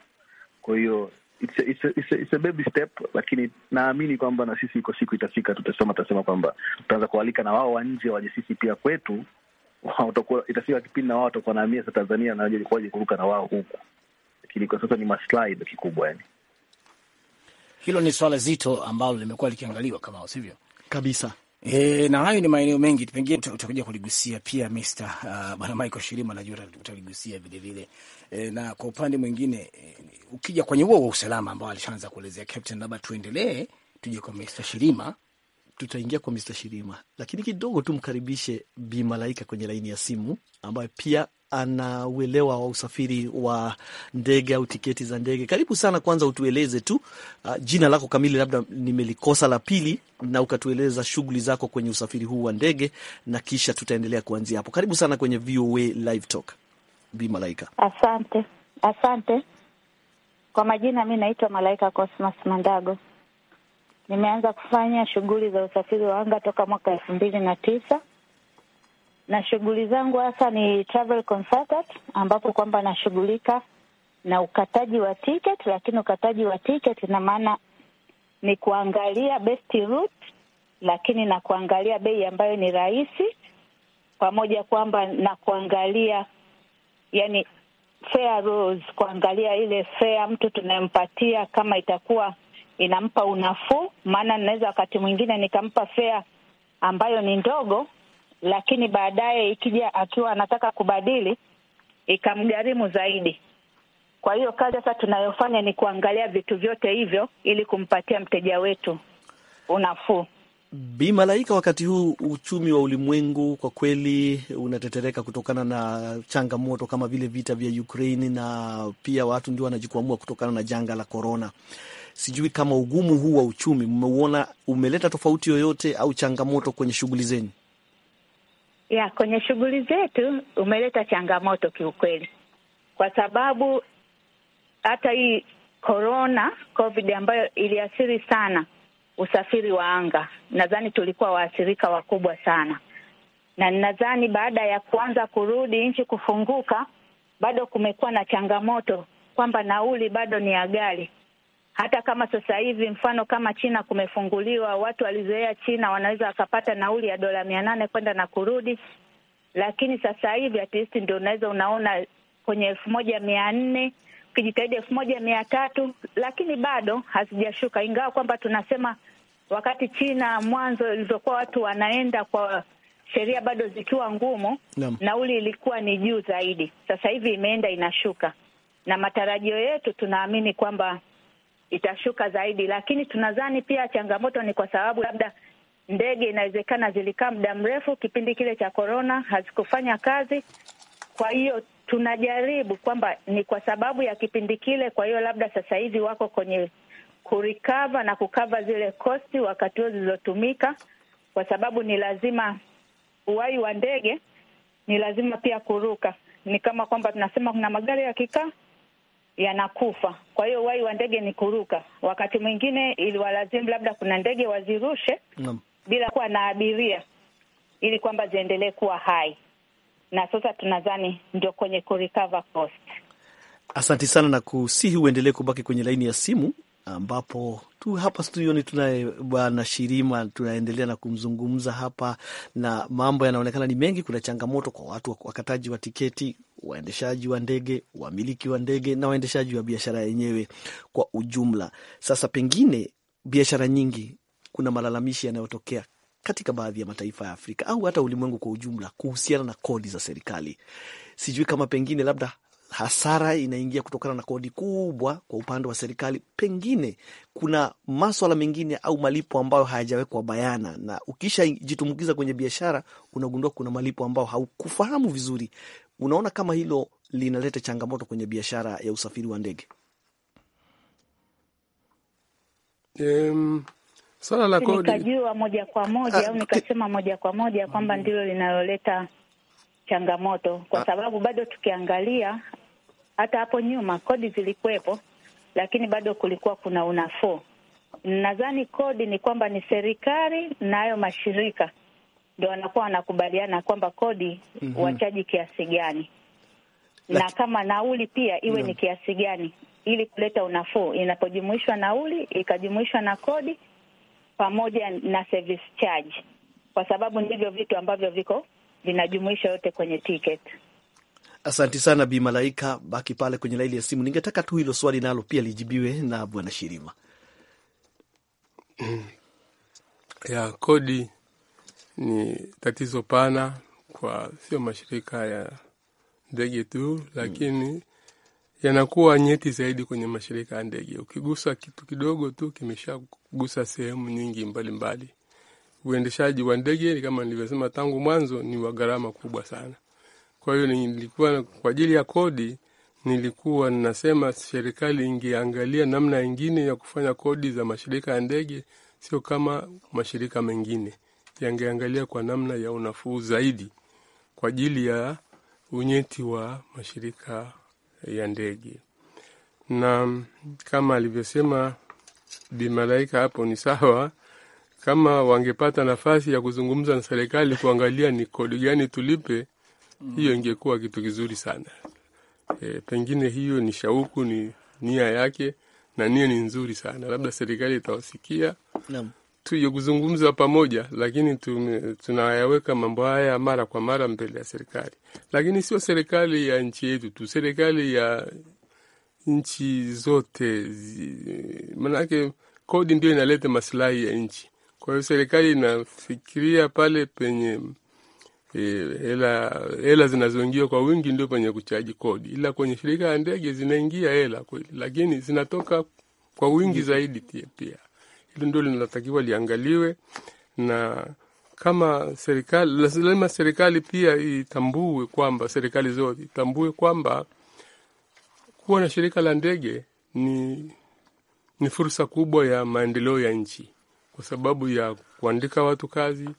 Kwa hiyo it's a, it's a, it's a, it's a baby step, lakini naamini kwamba na sisi iko siku itafika, tutasema tutasema kwamba tutaanza kualika na wao wa nje waje sisi pia kwetu itafika kipindi na wao watakuwa naamia sa Tanzania naja likuwaje kuruka na wao huku, lakini kwa sasa ni maslahi ndo kikubwa yani. Hilo ni swala zito ambalo limekuwa likiangaliwa kama sivyo kabisa. E, na hayo ni maeneo mengi, pengine utakuja kuligusia pia Mr. uh, bwana Michael Shirima, najua utaligusia vilevile. E, na kwa upande mwingine e, ukija kwenye huo wa usalama ambao alishaanza kuelezea Captain, labda tuendelee tuje kwa Mr. Shirima tutaingia kwa Mr. Shirima, lakini kidogo tu mkaribishe Bi Malaika kwenye laini ya simu ambayo pia ana uelewa wa usafiri wa ndege au tiketi za ndege. Karibu sana. Kwanza utueleze tu uh, jina lako kamili, labda nimelikosa la pili, na ukatueleza shughuli zako kwenye usafiri huu wa ndege, na kisha tutaendelea kuanzia hapo. Karibu sana kwenye VOA Live Talk, Bi Malaika. Asante, asante kwa majina. Mi naitwa Malaika Cosmas Mandago. Nimeanza kufanya shughuli za usafiri wa anga toka mwaka elfu mbili na tisa na shughuli zangu hasa ni travel consultant, ambapo kwamba nashughulika na ukataji wa ticket, lakini ukataji wa ticket ina maana ni kuangalia best route, lakini na kuangalia bei ambayo ni rahisi, pamoja kwamba na kuangalia yani rules, kuangalia ile fare mtu tunayempatia kama itakuwa inampa unafuu, maana ninaweza wakati mwingine nikampa fea ambayo ni ndogo, lakini baadaye ikija akiwa anataka kubadili ikamgharimu zaidi. Kwa hiyo kazi sasa tunayofanya ni kuangalia vitu vyote hivyo ili kumpatia mteja wetu unafuu. Bi Malaika, wakati huu uchumi wa ulimwengu kwa kweli unatetereka kutokana na changamoto kama vile vita vya Ukraini, na pia watu ndio wanajikwamua kutokana na janga la korona. Sijui kama ugumu huu wa uchumi mmeuona umeleta tofauti yoyote au changamoto kwenye shughuli zenu? Ya, kwenye shughuli zetu umeleta changamoto kiukweli, kwa sababu hata hii corona covid ambayo iliathiri sana usafiri wa anga, nadhani tulikuwa waathirika wakubwa sana, na nadhani baada ya kuanza kurudi nchi kufunguka, bado kumekuwa na changamoto kwamba nauli bado ni ya ghali, hata kama sasa hivi mfano kama China kumefunguliwa, watu walizoea China wanaweza wakapata nauli ya dola mia nane kwenda na kurudi, lakini sasa hivi at least ndio unaweza unaona kwenye elfu moja mia nne ukijitahidi elfu moja mia tatu lakini bado hazijashuka, ingawa kwamba tunasema wakati China mwanzo ilizokuwa watu wanaenda kwa sheria bado zikiwa ngumu, nauli ilikuwa ni juu zaidi. Sasa hivi imeenda inashuka, na matarajio yetu tunaamini kwamba itashuka zaidi, lakini tunadhani pia changamoto ni kwa sababu labda ndege inawezekana zilikaa muda mrefu kipindi kile cha korona, hazikufanya kazi. Kwa hiyo tunajaribu kwamba ni kwa sababu ya kipindi kile, kwa hiyo labda sasa hivi wako kwenye kurikava na kukava zile kosti wakati huo zilizotumika, kwa sababu ni lazima uwai wa ndege ni lazima pia kuruka. Ni kama kwamba tunasema kuna magari yakikaa yanakufa. Kwa hiyo wai wa ndege ni kuruka. Wakati mwingine iliwalazimu labda kuna ndege wazirushe mm, bila kuwa na abiria ili kwamba ziendelee kuwa hai, na sasa tunadhani ndio kwenye kurecover cost. Asante sana na kusihi uendelee kubaki kwenye laini ya simu ambapo tu hapa studioni tunaye Bwana Shirima, tunaendelea na kumzungumza hapa, na mambo yanaonekana ni mengi. Kuna changamoto kwa watu wakataji wa tiketi, waendeshaji wa ndege, wamiliki wa ndege na waendeshaji wa biashara yenyewe kwa ujumla. Sasa pengine biashara nyingi, kuna malalamishi yanayotokea katika baadhi ya mataifa ya Afrika au hata ulimwengu kwa ujumla kuhusiana na kodi za serikali. Sijui kama pengine labda hasara inaingia kutokana na kodi kubwa kwa upande wa serikali. Pengine kuna maswala mengine au malipo ambayo hayajawekwa bayana, na ukishajitumbukiza kwenye biashara unagundua kuna malipo ambayo haukufahamu vizuri. Unaona kama hilo linaleta changamoto kwenye biashara ya usafiri wa ndege? Um, swala la kodi nikajua moja kwa moja ah, au nikasema moja kwa moja kwamba mm. ndilo linaloleta changamoto, kwa ah. sababu bado tukiangalia hata hapo nyuma kodi zilikuwepo, lakini bado kulikuwa kuna unafuu. Nadhani kodi ni kwamba ni serikali na hayo mashirika ndio wanakuwa wanakubaliana kwamba kodi mm -hmm. wachaji kiasi gani na kama nauli pia iwe no. ni kiasi gani, ili kuleta unafuu. Inapojumuishwa nauli ikajumuishwa na kodi pamoja na service charge, kwa sababu ndivyo vitu ambavyo viko vinajumuisha yote kwenye tiketi. Asanti sana Bi Malaika, baki pale kwenye laili ya simu. Ningetaka tu hilo swali nalo pia lijibiwe na Bwana Shirima ya kodi ni tatizo pana kwa sio mashirika ya ndege tu, lakini mm, yanakuwa nyeti zaidi kwenye mashirika ya ndege. Ukigusa kitu kidogo tu kimesha kugusa sehemu nyingi mbalimbali mbali uendeshaji wa ndege ni kama nilivyosema tangu mwanzo, ni wa gharama kubwa sana. Kwa hiyo nilikuwa kwa ajili ya kodi, nilikuwa nasema serikali ingeangalia namna ingine ya kufanya kodi za mashirika ya ndege, sio kama mashirika mengine, yangeangalia kwa namna ya unafuu zaidi kwa ajili ya unyeti wa mashirika ya ndege. Na kama alivyosema Bi Malaika hapo ni sawa kama wangepata nafasi ya kuzungumza na serikali kuangalia ni kodi gani tulipe, hiyo ingekuwa kitu kizuri sana. E, pengine hiyo ni shauku, ni nia yake na nia ni nzuri sana, labda serikali itawasikia tuje kuzungumza pamoja, lakini tunayaweka mambo haya mara kwa mara mbele ya serikali, lakini sio serikali ya nchi yetu tu, serikali ya nchi zote, manake kodi ndio inaleta masilahi ya nchi. Kwa hiyo serikali inafikiria pale penye e, hela hela zinazoingia kwa wingi ndio penye kuchaji kodi, ila kwenye shirika la ndege zinaingia hela kweli, lakini zinatoka kwa wingi mm. zaidi pia. Hilo ndio linatakiwa liangaliwe, na kama serikali, lazima serikali pia itambue kwamba, serikali zote itambue kwamba kuwa na shirika la ndege ni, ni fursa kubwa ya maendeleo ya nchi kwa sababu ya kuandika watu kazi,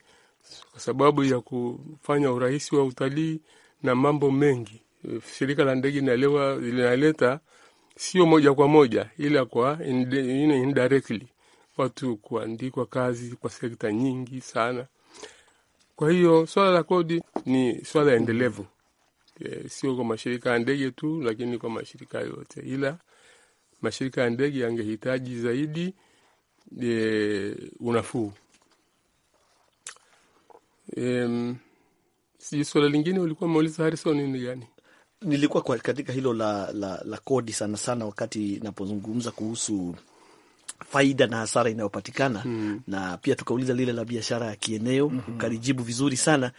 kwa sababu ya kufanya urahisi wa utalii na mambo mengi. Shirika la ndege inaelewa linaleta sio moja kwa moja, ila kwa indirectly watu kuandikwa kazi kwa sekta nyingi sana. Kwa hiyo swala la kodi ni swala endelevu, e, sio kwa mashirika ya ndege tu, lakini kwa mashirika yote, ila mashirika ya ndege yangehitaji zaidi e, unafuu. E, si swala lingine ulikuwa umeuliza Harrison, ni gani? Nilikuwa kwa katika hilo la, la, la kodi sana sana, wakati inapozungumza kuhusu faida na hasara inayopatikana hmm. Na pia tukauliza lile la biashara ya kieneo mm -hmm. Ukalijibu vizuri sana.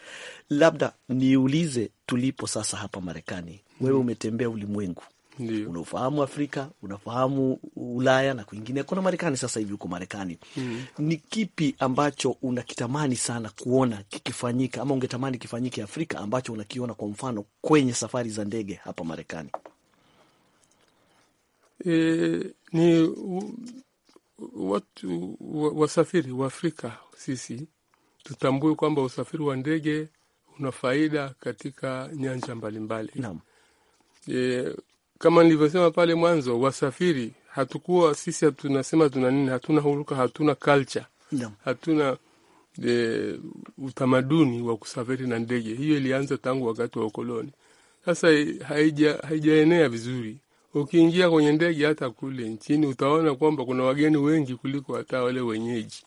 Labda niulize tulipo sasa hapa Marekani, wewe hmm. umetembea ulimwengu unaofahamu Afrika, unafahamu Ulaya na kwingine, kuna Marekani sasa hivi huko Marekani. Mm. Ni kipi ambacho unakitamani sana kuona kikifanyika ama ungetamani kifanyike Afrika ambacho unakiona kwa mfano kwenye safari za ndege hapa Marekani? E, ni watu wasafiri wa Afrika sisi tutambue kwamba usafiri wa ndege una faida katika nyanja mbalimbali. mbali kama nilivyosema pale mwanzo, wasafiri hatukuwa sisi, tunasema tuna nini, hatuna huruka, hatuna culture no. hatuna e, utamaduni wa kusafiri na ndege. Hiyo ilianza tangu wakati wa ukoloni. Sasa haija, haijaenea vizuri. Ukiingia kwenye ndege hata kule nchini utaona kwamba kuna wageni wengi kuliko hata wale wenyeji.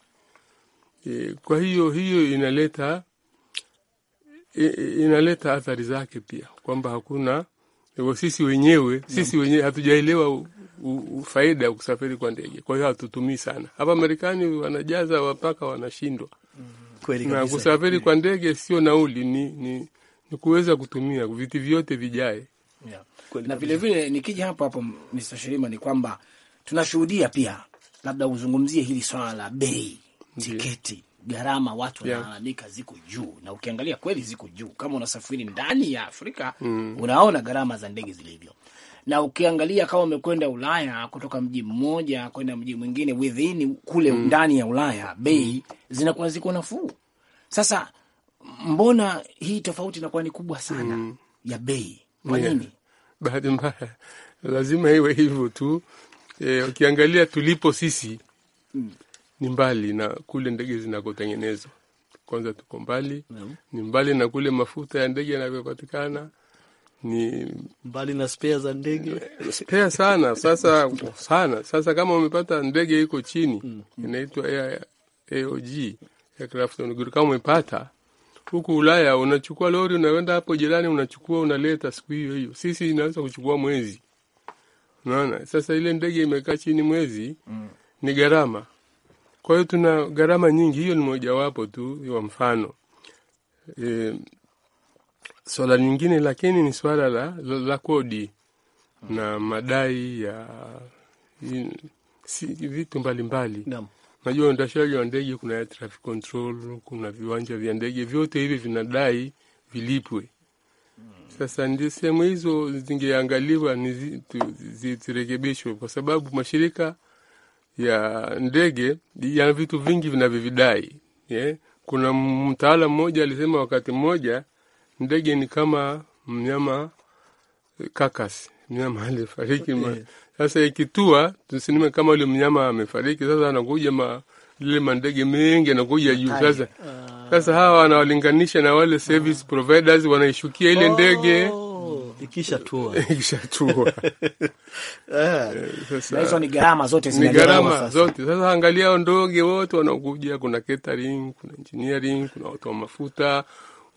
E, kwa hiyo hiyo inaleta inaleta athari zake pia kwamba hakuna kwa sisi wenyewe sisi wenyewe hatujaelewa faida ya kusafiri kwa ndege, kwa hiyo hatutumii sana. Hapa Marekani wanajaza wapaka wanashindwa mm-hmm. na kusafiri mm. kwa ndege sio nauli, ni, ni, ni kuweza kutumia viti vyote vijae. Yeah. Na vilevile nikija hapo hapo, Mr. Shirima, ni kwamba tunashuhudia pia, labda uzungumzie hili swala la bei tiketi gharama watu wanalalamika yeah, ziko juu, na ukiangalia kweli ziko juu. Kama unasafiri ndani ya Afrika mm, unaona gharama za ndege zilivyo, na ukiangalia kama umekwenda Ulaya kutoka mji mmoja kwenda mji mwingine within kule mm, ndani ya Ulaya bei mm, zinakuwa ziko nafuu. Sasa mbona hii tofauti inakuwa ni kubwa sana mm, ya bei? Kwa nini? Yeah, bahati mbaya lazima iwe hivyo tu. E, ukiangalia tulipo sisi mm ni mbali na kule ndege zinakotengenezwa. Kwanza tuko mbali ni mbali na kule mafuta ya ndege yanavyopatikana ni mbali na spea za ndege eh, spea sana sasa sana sasa, kama umepata ndege iko chini mm. inaitwa AOG aircraft on ground, kama umepata huku Ulaya unachukua lori unaenda hapo jirani unachukua unaleta siku hiyo hiyo. Sisi inaweza kuchukua mwezi, unaona. Sasa ile ndege imekaa chini mwezi mm. ni gharama kwa hiyo tuna gharama nyingi, hiyo ni mojawapo tu wa mfano e, swala nyingine lakini ni swala la, la, la kodi na madai ya si, vitu mbalimbali. Najua uendeshaji wa ndege, kuna traffic control, kuna viwanja vya ndege, vyote hivi vinadai vilipwe. Sasa ndi sehemu hizo zingeangaliwa zirekebishwe, kwa sababu mashirika ya ndege yana vitu vingi vinavyovidai yeah. Kuna mtaala mmoja alisema wakati mmoja ndege ni kama mnyama eh, kakasi, mnyama alifariki okay. Eh. Sasa ikitua tusinime kama ule mnyama amefariki, sasa anakuja ma lile mandege mengi anakuja juu sasa. Ah. Sasa hawa wanawalinganisha na wale service providers wanaishukia ile oh. ndege oh ikishatua ikishatua. Eh, hizo ni gharama zote, gharama zote. Sasa angalia wote wanaokuja, kuna catering, kuna engineering, kuna watu wa mafuta,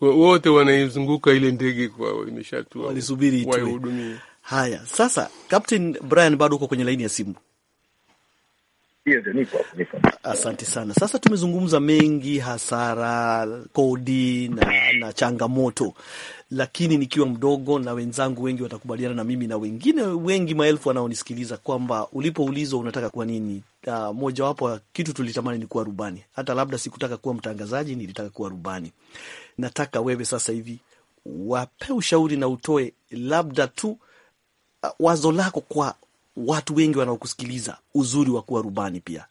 wote wanaizunguka ile ndege, kwa imeshatua, walisubiri waihudumie. Haya, sasa Captain Brian, bado uko kwenye laini ya simu? Asante sana. Sasa tumezungumza mengi, hasara, kodi na, na changamoto lakini nikiwa mdogo, na wenzangu wengi watakubaliana na mimi na wengine wengi maelfu wanaonisikiliza kwamba ulipoulizwa unataka kuwa nini, uh, mojawapo ya kitu tulitamani ni kuwa rubani. Hata labda sikutaka kuwa mtangazaji, nilitaka kuwa rubani. Nataka wewe sasa hivi wape ushauri na utoe labda tu uh, wazo lako kwa watu wengi wanaokusikiliza, uzuri wa kuwa rubani. Pia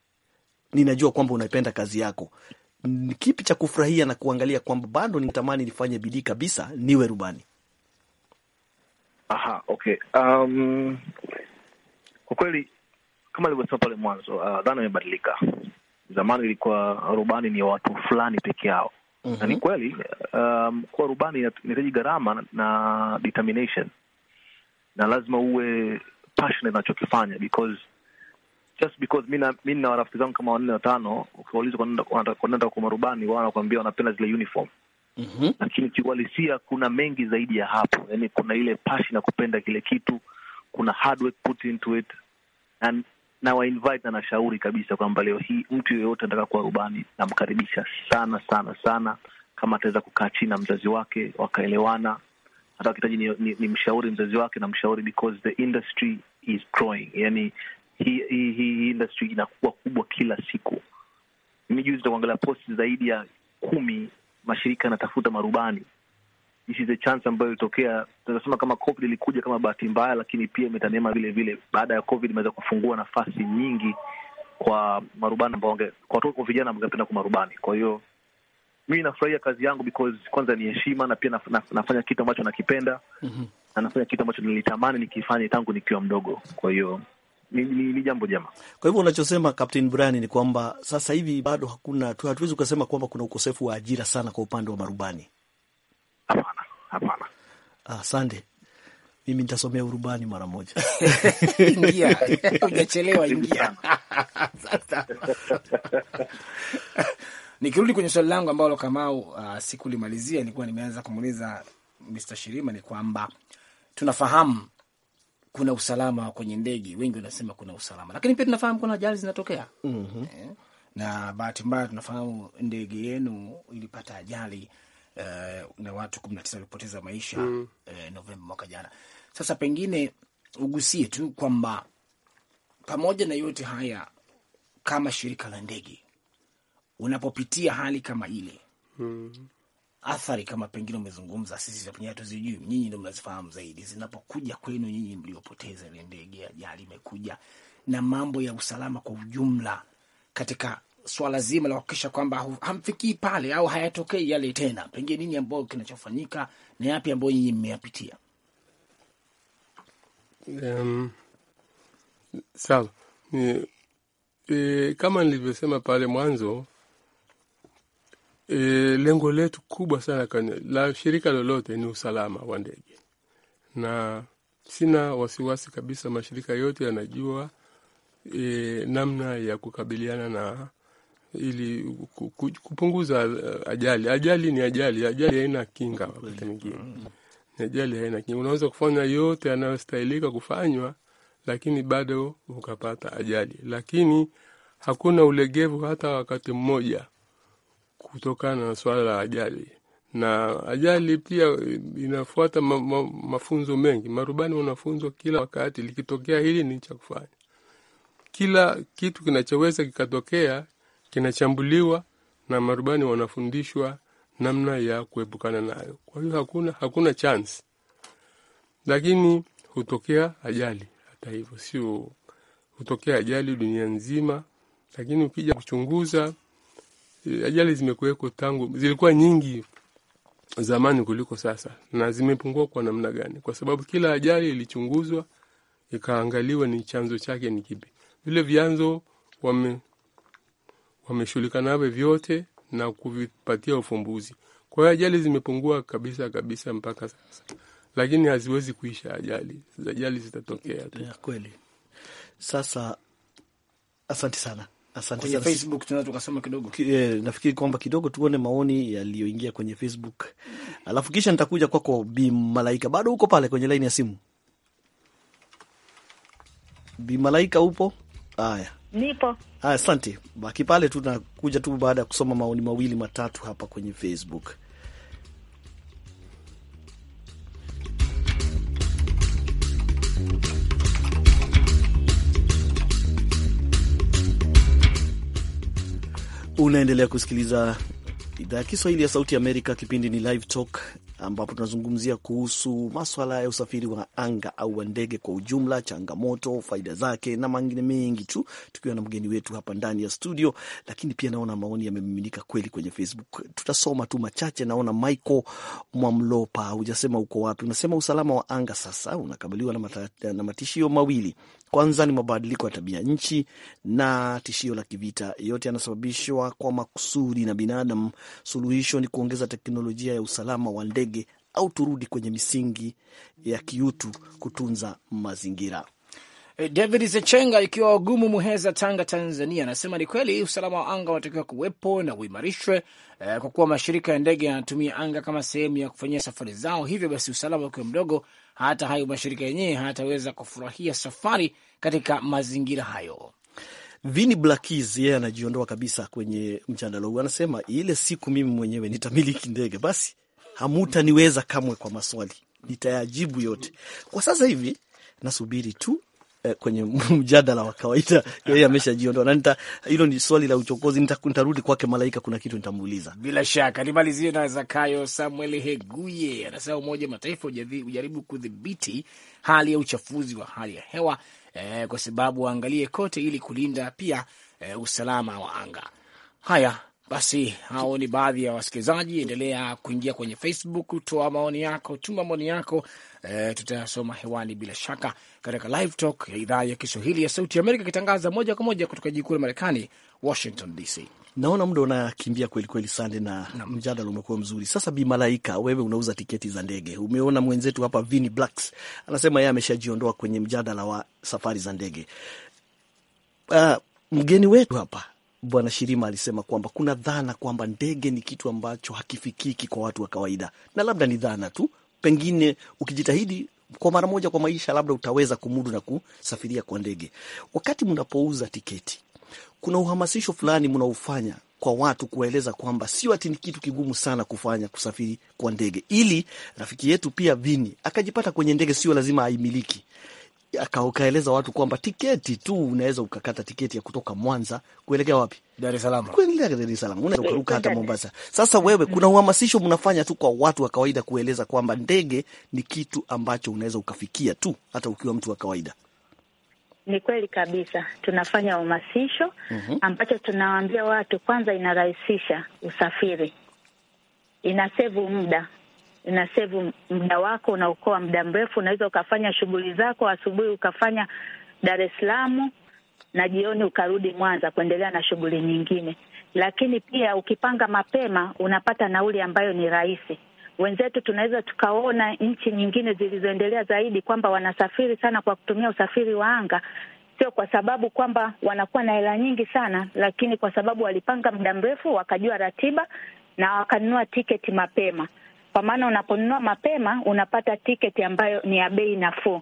ninajua kwamba unaipenda kazi yako, kipi cha kufurahia na kuangalia kwamba bado nitamani nifanye bidii kabisa niwe rubani? Aha, okay. Um, kwa kweli kama alivyosema pale mwanzo, uh, dhana imebadilika. Zamani ilikuwa rubani ni watu fulani peke yao. Mm -hmm. Na ni mhm. kweli um, kuwa rubani inahitaji gharama na determination, na lazima uwe passionate nachokifanya because just because mi na marafiki zangu kama wanne watano, ukiwauliza wanaenda kwa marubani wao wanakuambia wanapenda zile uniform mm -hmm. Lakini kiuhalisia kuna mengi zaidi ya hapo, yani kuna ile passion ya kupenda kile kitu, kuna hard work put into it and na wa invite na nashauri kabisa kwamba leo hii mtu yeyote anataka kuwa rubani, namkaribisha sana sana sana, kama ataweza kukaa chini na mzazi wake wakaelewana, hata wakihitaji ni, ni, ni mshauri mzazi wake na mshauri, because the industry is growing, yani hii hi, hi industry inakuwa kubwa kila siku. Mimi juzi nitakuangalia posti zaidi ya kumi, mashirika yanatafuta marubani. This is a chance ambayo ilitokea, tunasema kama COVID ilikuja kama bahati mbaya, lakini pia imetanema vile vile. Baada ya COVID imeweza kufungua nafasi nyingi kwa marubani ambao kwa watoto, kwa vijana wangependa kuwa marubani. Kwa hiyo mimi nafurahia kazi yangu because kwanza ni heshima na pia naf, naf, nafanya kitu ambacho nakipenda mm -hmm. na nafanya kitu ambacho nilitamani nikifanye tangu nikiwa mdogo, kwa hiyo ni, ni, ni jambo jema. Kwa hivyo unachosema Captain Brian ni kwamba sasa hivi bado hakuna, hatuwezi ukasema kwamba kuna ukosefu wa ajira sana kwa upande wa marubani. Hapana, hapana. Asante. Ah, mimi nitasomea urubani mara moja. Ingia, hujachelewa, ingia sasa. Nikirudi kwenye swali langu ambalo Kamau uh, sikulimalizia, nilikuwa nimeanza kumuuliza Mr. Shirima ni kwamba tunafahamu kuna usalama kwenye ndege, wengi wanasema kuna usalama, lakini pia tunafahamu kuna ajali zinatokea mm -hmm. eh? na bahati mbaya tunafahamu ndege yenu ilipata ajali eh, na watu kumi na tisa walipoteza maisha mm. eh, Novemba mwaka jana. Sasa pengine ugusie tu kwamba pamoja na yote haya, kama shirika la ndege unapopitia hali kama ile mm -hmm athari kama pengine umezungumza, sisi penye hatuzijui, nyinyi ndo mnazifahamu zaidi, zinapokuja kwenu nyinyi mliopoteza ile ndege, ajali imekuja na mambo ya usalama kwa ujumla, katika swala zima la kuhakikisha kwamba hamfikii pale au hayatokei yale tena, pengine nini ambayo kinachofanyika na yapi ambayo nyinyi mmeyapitia? Um, sawa. E, kama nilivyosema pale mwanzo E, lengo letu kubwa sana la shirika lolote ni usalama wa ndege, na sina wasiwasi kabisa, mashirika yote yanajua e, namna ya kukabiliana na ili kupunguza uh, ajali. Ajali ni ajali, ajali haina kinga, wakati mwingine mm-hmm. ni ajali haina kinga. Unaweza kufanya yote yanayostahilika kufanywa, lakini bado ukapata ajali. Lakini hakuna ulegevu hata wakati mmoja kutokana na swala la ajali na ajali pia inafuata ma, ma, mafunzo mengi. Marubani wanafunzwa kila wakati, likitokea hili ni cha kufanya. Kila kitu kinachoweza kikatokea kinachambuliwa na marubani wanafundishwa namna ya kuepukana nayo. Kwa hiyo hakuna, hakuna chance, lakini hutokea ajali. Hata hivyo sio, hutokea ajali dunia nzima, lakini ukija kuchunguza Eh, ajali zimekuweko tangu, zilikuwa nyingi zamani kuliko sasa, na zimepungua kwa namna gani? Kwa sababu kila ajali ilichunguzwa, ikaangaliwa ni chanzo chake ni kipi. Vile vyanzo wame wameshughulikana navyo vyote na kuvipatia ufumbuzi. Kwa hiyo ajali zimepungua kabisa kabisa mpaka sasa, lakini haziwezi kuisha ajali. Ajali zitatokea tu kweli. Sasa asante sana. Asante Facebook tukasoma kidogo. Eh, nafikiri kwamba kidogo tuone maoni yaliyoingia kwenye Facebook. Alafu kisha nitakuja kwako kwa Bi Malaika. Bado uko pale kwenye laini ya simu? Bi Malaika upo? Haya. Nipo. Haya, asante. Baki pale tunakuja tu baada ya kusoma maoni mawili matatu hapa kwenye Facebook. Unaendelea kusikiliza idhaa ya Kiswahili ya Sauti Amerika. Kipindi ni Live Talk ambapo tunazungumzia kuhusu maswala ya usafiri wa anga au wa ndege kwa ujumla, changamoto, faida zake na mengine mengi tu, tukiwa na mgeni wetu hapa ndani ya studio. Lakini pia naona maoni yamemiminika kweli kwenye Facebook, tutasoma tu machache. Naona Michael Mwamlopa, hujasema uko wapi, unasema usalama wa anga sasa unakabiliwa na, mata, na matishio mawili. Kwanza ni mabadiliko ya tabia nchi na tishio la kivita, yote yanasababishwa kwa makusudi na binadamu. Suluhisho ni kuongeza teknolojia ya usalama wa ndege ndege au turudi kwenye misingi ya kiutu kutunza mazingira. Eh, David Zechenga, ikiwa wagumu Muheza, Tanga, Tanzania, anasema ni kweli usalama wa anga unatakiwa kuwepo na uimarishwe eh, kwa kuwa mashirika ya ndege yanatumia anga kama sehemu ya kufanyia safari zao. Hivyo basi usalama ukiwa mdogo, hata hayo mashirika yenyewe hayataweza kufurahia safari katika mazingira hayo. Vini Blakis yeye anajiondoa kabisa kwenye mjadala huu, anasema ile siku mimi mwenyewe nitamiliki ndege basi hamutaniweza kamwe kwa maswali, nitayajibu yote. Kwa sasa hivi nasubiri tu eh, kwenye mjadala wa kawaida yeye ameshajiondoa, na nita hilo ni swali la uchokozi, nitarudi kwake Malaika, kuna kitu nitamuuliza bila shaka. Nimalizie na Zakayo Samuel Heguye, anasema Umoja Mataifa ujaribu kudhibiti hali ya uchafuzi wa hali ya hewa eh, kwa sababu waangalie kote ili kulinda pia eh, usalama wa anga. Haya, basi hao ni baadhi ya wasikilizaji. Endelea kuingia kwenye Facebook, toa maoni yako, tuma maoni yako e, tutayasoma hewani bila shaka katika Live Talk ya idhaa ya Kiswahili ya Sauti Amerika, ikitangaza moja kwa moja kutoka jiji kuu la Marekani, Washington DC. Naona muda unakimbia kweli kweli, sande na Mjadala umekuwa mzuri. Sasa Bi Malaika, wewe unauza tiketi za ndege. Umeona mwenzetu hapa Vini Blacks anasema yeye ameshajiondoa kwenye mjadala wa safari za ndege. Uh, mgeni wetu hapa Bwana Shirima alisema kwamba kuna dhana kwamba ndege ni kitu ambacho hakifikiki kwa watu wa kawaida, na labda ni dhana tu, pengine ukijitahidi kwa mara moja kwa maisha, labda utaweza kumudu na kusafiria kwa ndege. Wakati mnapouza tiketi, kuna uhamasisho fulani mnaofanya kwa watu kuwaeleza kwamba sio ati ni kitu kigumu sana kufanya kusafiri kwa ndege, ili rafiki yetu pia Vini akajipata kwenye ndege, sio lazima aimiliki akaeleza watu kwamba tiketi tu unaweza ukakata tiketi ya kutoka Mwanza kuelekea wapi? Dar es Salaam, kuelekea Dar es Salaam, unaweza ukaruka hata Mombasa. Sasa wewe, kuna uhamasisho mnafanya tu kwa watu wa kawaida kueleza kwamba ndege ni kitu ambacho unaweza ukafikia tu hata ukiwa mtu wa kawaida. Ni kweli kabisa, tunafanya uhamasisho mhm. ambacho tunawaambia watu, kwanza inarahisisha usafiri, inasevu muda inasevu muda wako, unaokoa muda mrefu. Unaweza ukafanya shughuli zako asubuhi, ukafanya Dar es Salaam na jioni ukarudi Mwanza kuendelea na shughuli nyingine. Lakini pia ukipanga mapema, unapata nauli ambayo ni rahisi. Wenzetu tunaweza tukaona nchi nyingine zilizoendelea zaidi kwamba wanasafiri sana kwa kutumia usafiri wa anga, sio kwa sababu kwamba wanakuwa na hela nyingi sana, lakini kwa sababu walipanga muda mrefu, wakajua ratiba na wakanunua tiketi mapema. Kwa maana unaponunua mapema unapata tiketi ambayo ni ya bei nafuu.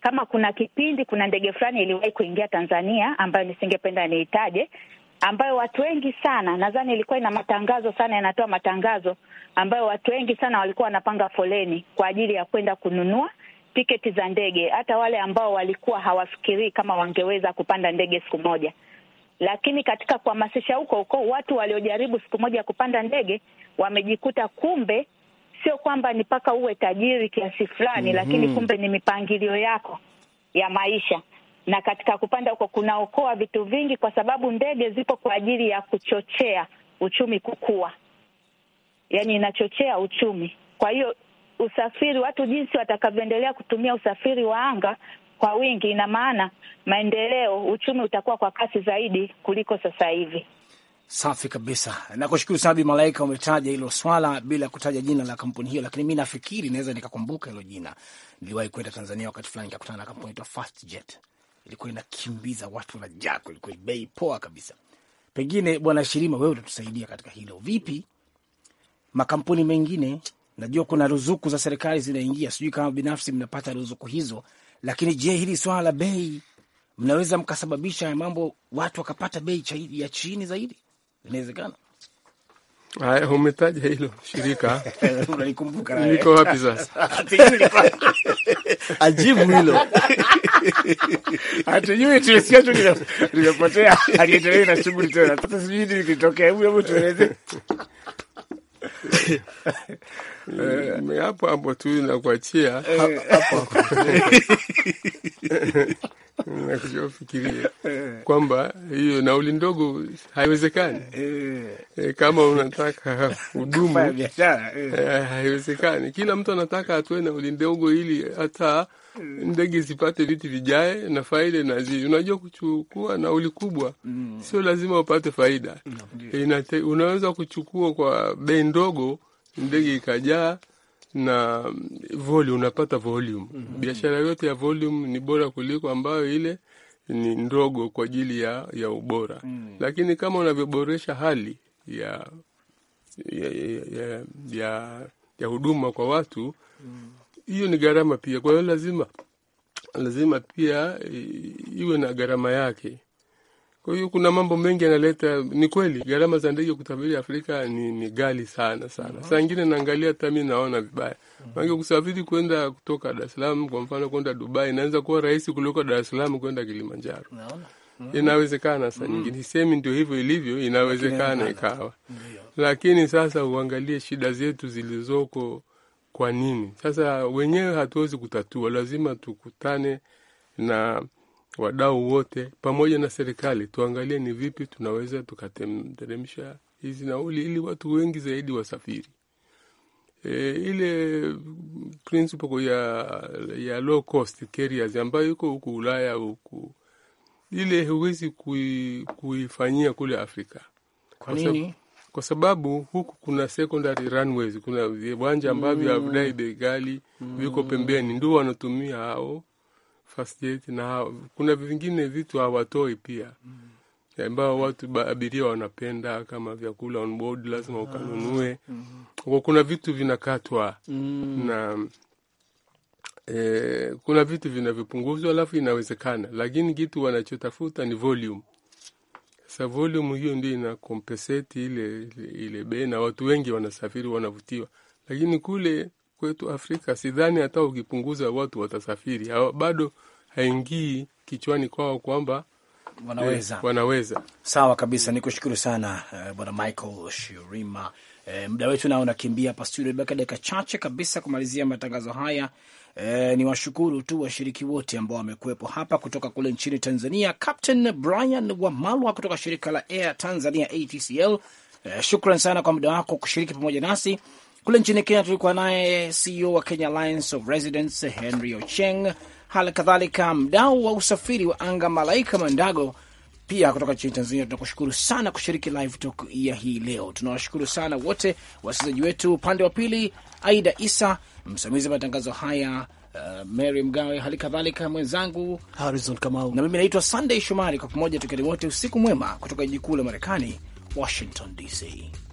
Kama kuna kipindi, kuna ndege fulani iliwahi kuingia Tanzania ambayo nisingependa niitaje, ambayo watu wengi sana, nadhani ilikuwa ina matangazo sana, inatoa matangazo ambayo watu wengi sana walikuwa wanapanga foleni kwa ajili ya kwenda kununua tiketi za ndege, hata wale ambao walikuwa hawafikirii kama wangeweza kupanda ndege siku moja. Lakini katika kuhamasisha huko huko, watu waliojaribu siku moja kupanda ndege wamejikuta kumbe sio kwamba ni mpaka uwe tajiri kiasi fulani, mm -hmm. Lakini kumbe ni mipangilio yako ya maisha, na katika kupanda huko kunaokoa vitu vingi, kwa sababu ndege zipo kwa ajili ya kuchochea uchumi kukua, yaani inachochea uchumi. Kwa hiyo usafiri, watu jinsi watakavyoendelea kutumia usafiri wa anga kwa wingi, ina maana maendeleo, uchumi utakuwa kwa kasi zaidi kuliko sasa hivi. Safi kabisa, nakushukuru sana Bi Malaika, umetaja hilo swala bila kutaja jina la kampuni hiyo, lakini mi nafikiri naweza nikakumbuka hilo jina. Niliwahi kwenda Tanzania wakati fulani, nikakutana na kampuni ya Fastjet, ilikuwa inakimbiza watu na jako, ilikuwa bei poa kabisa. Pengine Bwana Shirima, wewe utatusaidia katika hilo. Vipi makampuni mengine? Najua kuna ruzuku za serikali zinaingia, sijui kama binafsi mnapata ruzuku hizo, lakini je, hili swala la bei mnaweza mkasababisha mambo watu wakapata bei ya chini zaidi? Inawezekana. Haya, umetaja hilo shirika unalikumbuka, liko wapi sasa? Ajibu hilo hatujui, tulisikia tu limepotea, aliendelea na shughuli tena. Sasa sijui nini kilitokea, hebu hebu tueleze. Eh, hapo hapo tu nakuachia eh. nakuchofikiria eh. kwamba hiyo nauli ndogo haiwezekani. kama unataka hudumu haiwezekani. Kila mtu anataka atoe nauli ndogo ili hata ndege zipate viti vijae na faida inazidi. Unajua, kuchukua nauli kubwa mm. sio lazima upate faida. Mm. Inate, unaweza kuchukua kwa bei ndogo ndege ikajaa na volume, unapata volume mm -hmm. Biashara yote ya volume ni bora kuliko ambayo ile ni ndogo kwa ajili ya, ya ubora mm -hmm. Lakini kama unavyoboresha hali ya ya, ya, ya, ya, ya huduma kwa watu mm. hiyo mm. ni gharama pia. Kwa hiyo lazima lazima pia iwe na gharama yake, kwa hiyo kuna mambo mengi yanaleta, ni kweli gharama za ndege kutabiri Afrika ni, ni ghali sana sana. mm -hmm. Saa ingine naangalia hata mi naona vibaya mm -hmm. kusafiri kwenda kutoka Dar es Salaam kwa mfano kwenda Dubai inaweza kuwa rahisi kuliko Dar es Salaam kwenda Kilimanjaro. Mhm. Inawezekana saa mhm. nyingine mm -hmm. Sisemi ndio hivyo ilivyo, inawezekana ikawa, lakini sasa uangalie shida zetu zilizoko. Kwa nini sasa wenyewe hatuwezi kutatua? Lazima tukutane na wadau wote pamoja na serikali tuangalie ni vipi tunaweza tukateremsha hizi nauli ili watu wengi zaidi wasafiri. E, ile principle ya, ya low cost carriers ambayo iko huku Ulaya huku ile huwezi kui, kuifanyia kule Afrika kwa nini? Kwa sababu huku kuna secondary runways, kuna viwanja ambavyo mm. havudai bei mm. viko pembeni, ndio wanatumia hao first na kuna vingine vitu hawatoi pia mm-hmm. ambao watu abiria wanapenda kama vyakula on board lazima ah. ukanunue. mm -hmm. Kuna vitu vinakatwa mm -hmm. na e, kuna vitu vinavyopunguzwa, alafu inawezekana, lakini kitu wanachotafuta ni volume. Sasa volume hiyo ndio ina compensate ile, ile, ile bei na watu wengi wanasafiri wanavutiwa, lakini kule kwetu Afrika sidhani hata ukipunguza watu watasafiri, bado haingii kichwani kwao kwamba eh, wanaweza. Eh, wanaweza. Sawa kabisa, kushukuru sana uh, bwana Michael Shirima. E, muda wetu nao unakimbia hapa studio, baki dakika chache kabisa kumalizia matangazo haya. E, ni washukuru tu washiriki wote ambao wamekuwepo hapa kutoka kule nchini Tanzania, Captain Brian Wamalwa kutoka shirika la Air Tanzania ATCL. E, shukran sana kwa muda wako kushiriki pamoja nasi kule nchini Kenya tulikuwa naye CEO wa Kenya Alliance of Residents Henry Ocheng, hali kadhalika mdau wa usafiri wa anga Malaika Mandago pia kutoka nchini Tanzania. Tunakushukuru sana kushiriki live talk ya hii leo. Tunawashukuru sana wote wasikilizaji wetu, upande wa pili Aida Isa, msimamizi wa matangazo haya Uh, Mary Mgawe, hali kadhalika mwenzangu Harrison Kamau, na mimi naitwa Sunday Shomari. Kwa pamoja tukieni wote usiku mwema kutoka jiji kuu la Marekani, Washington DC.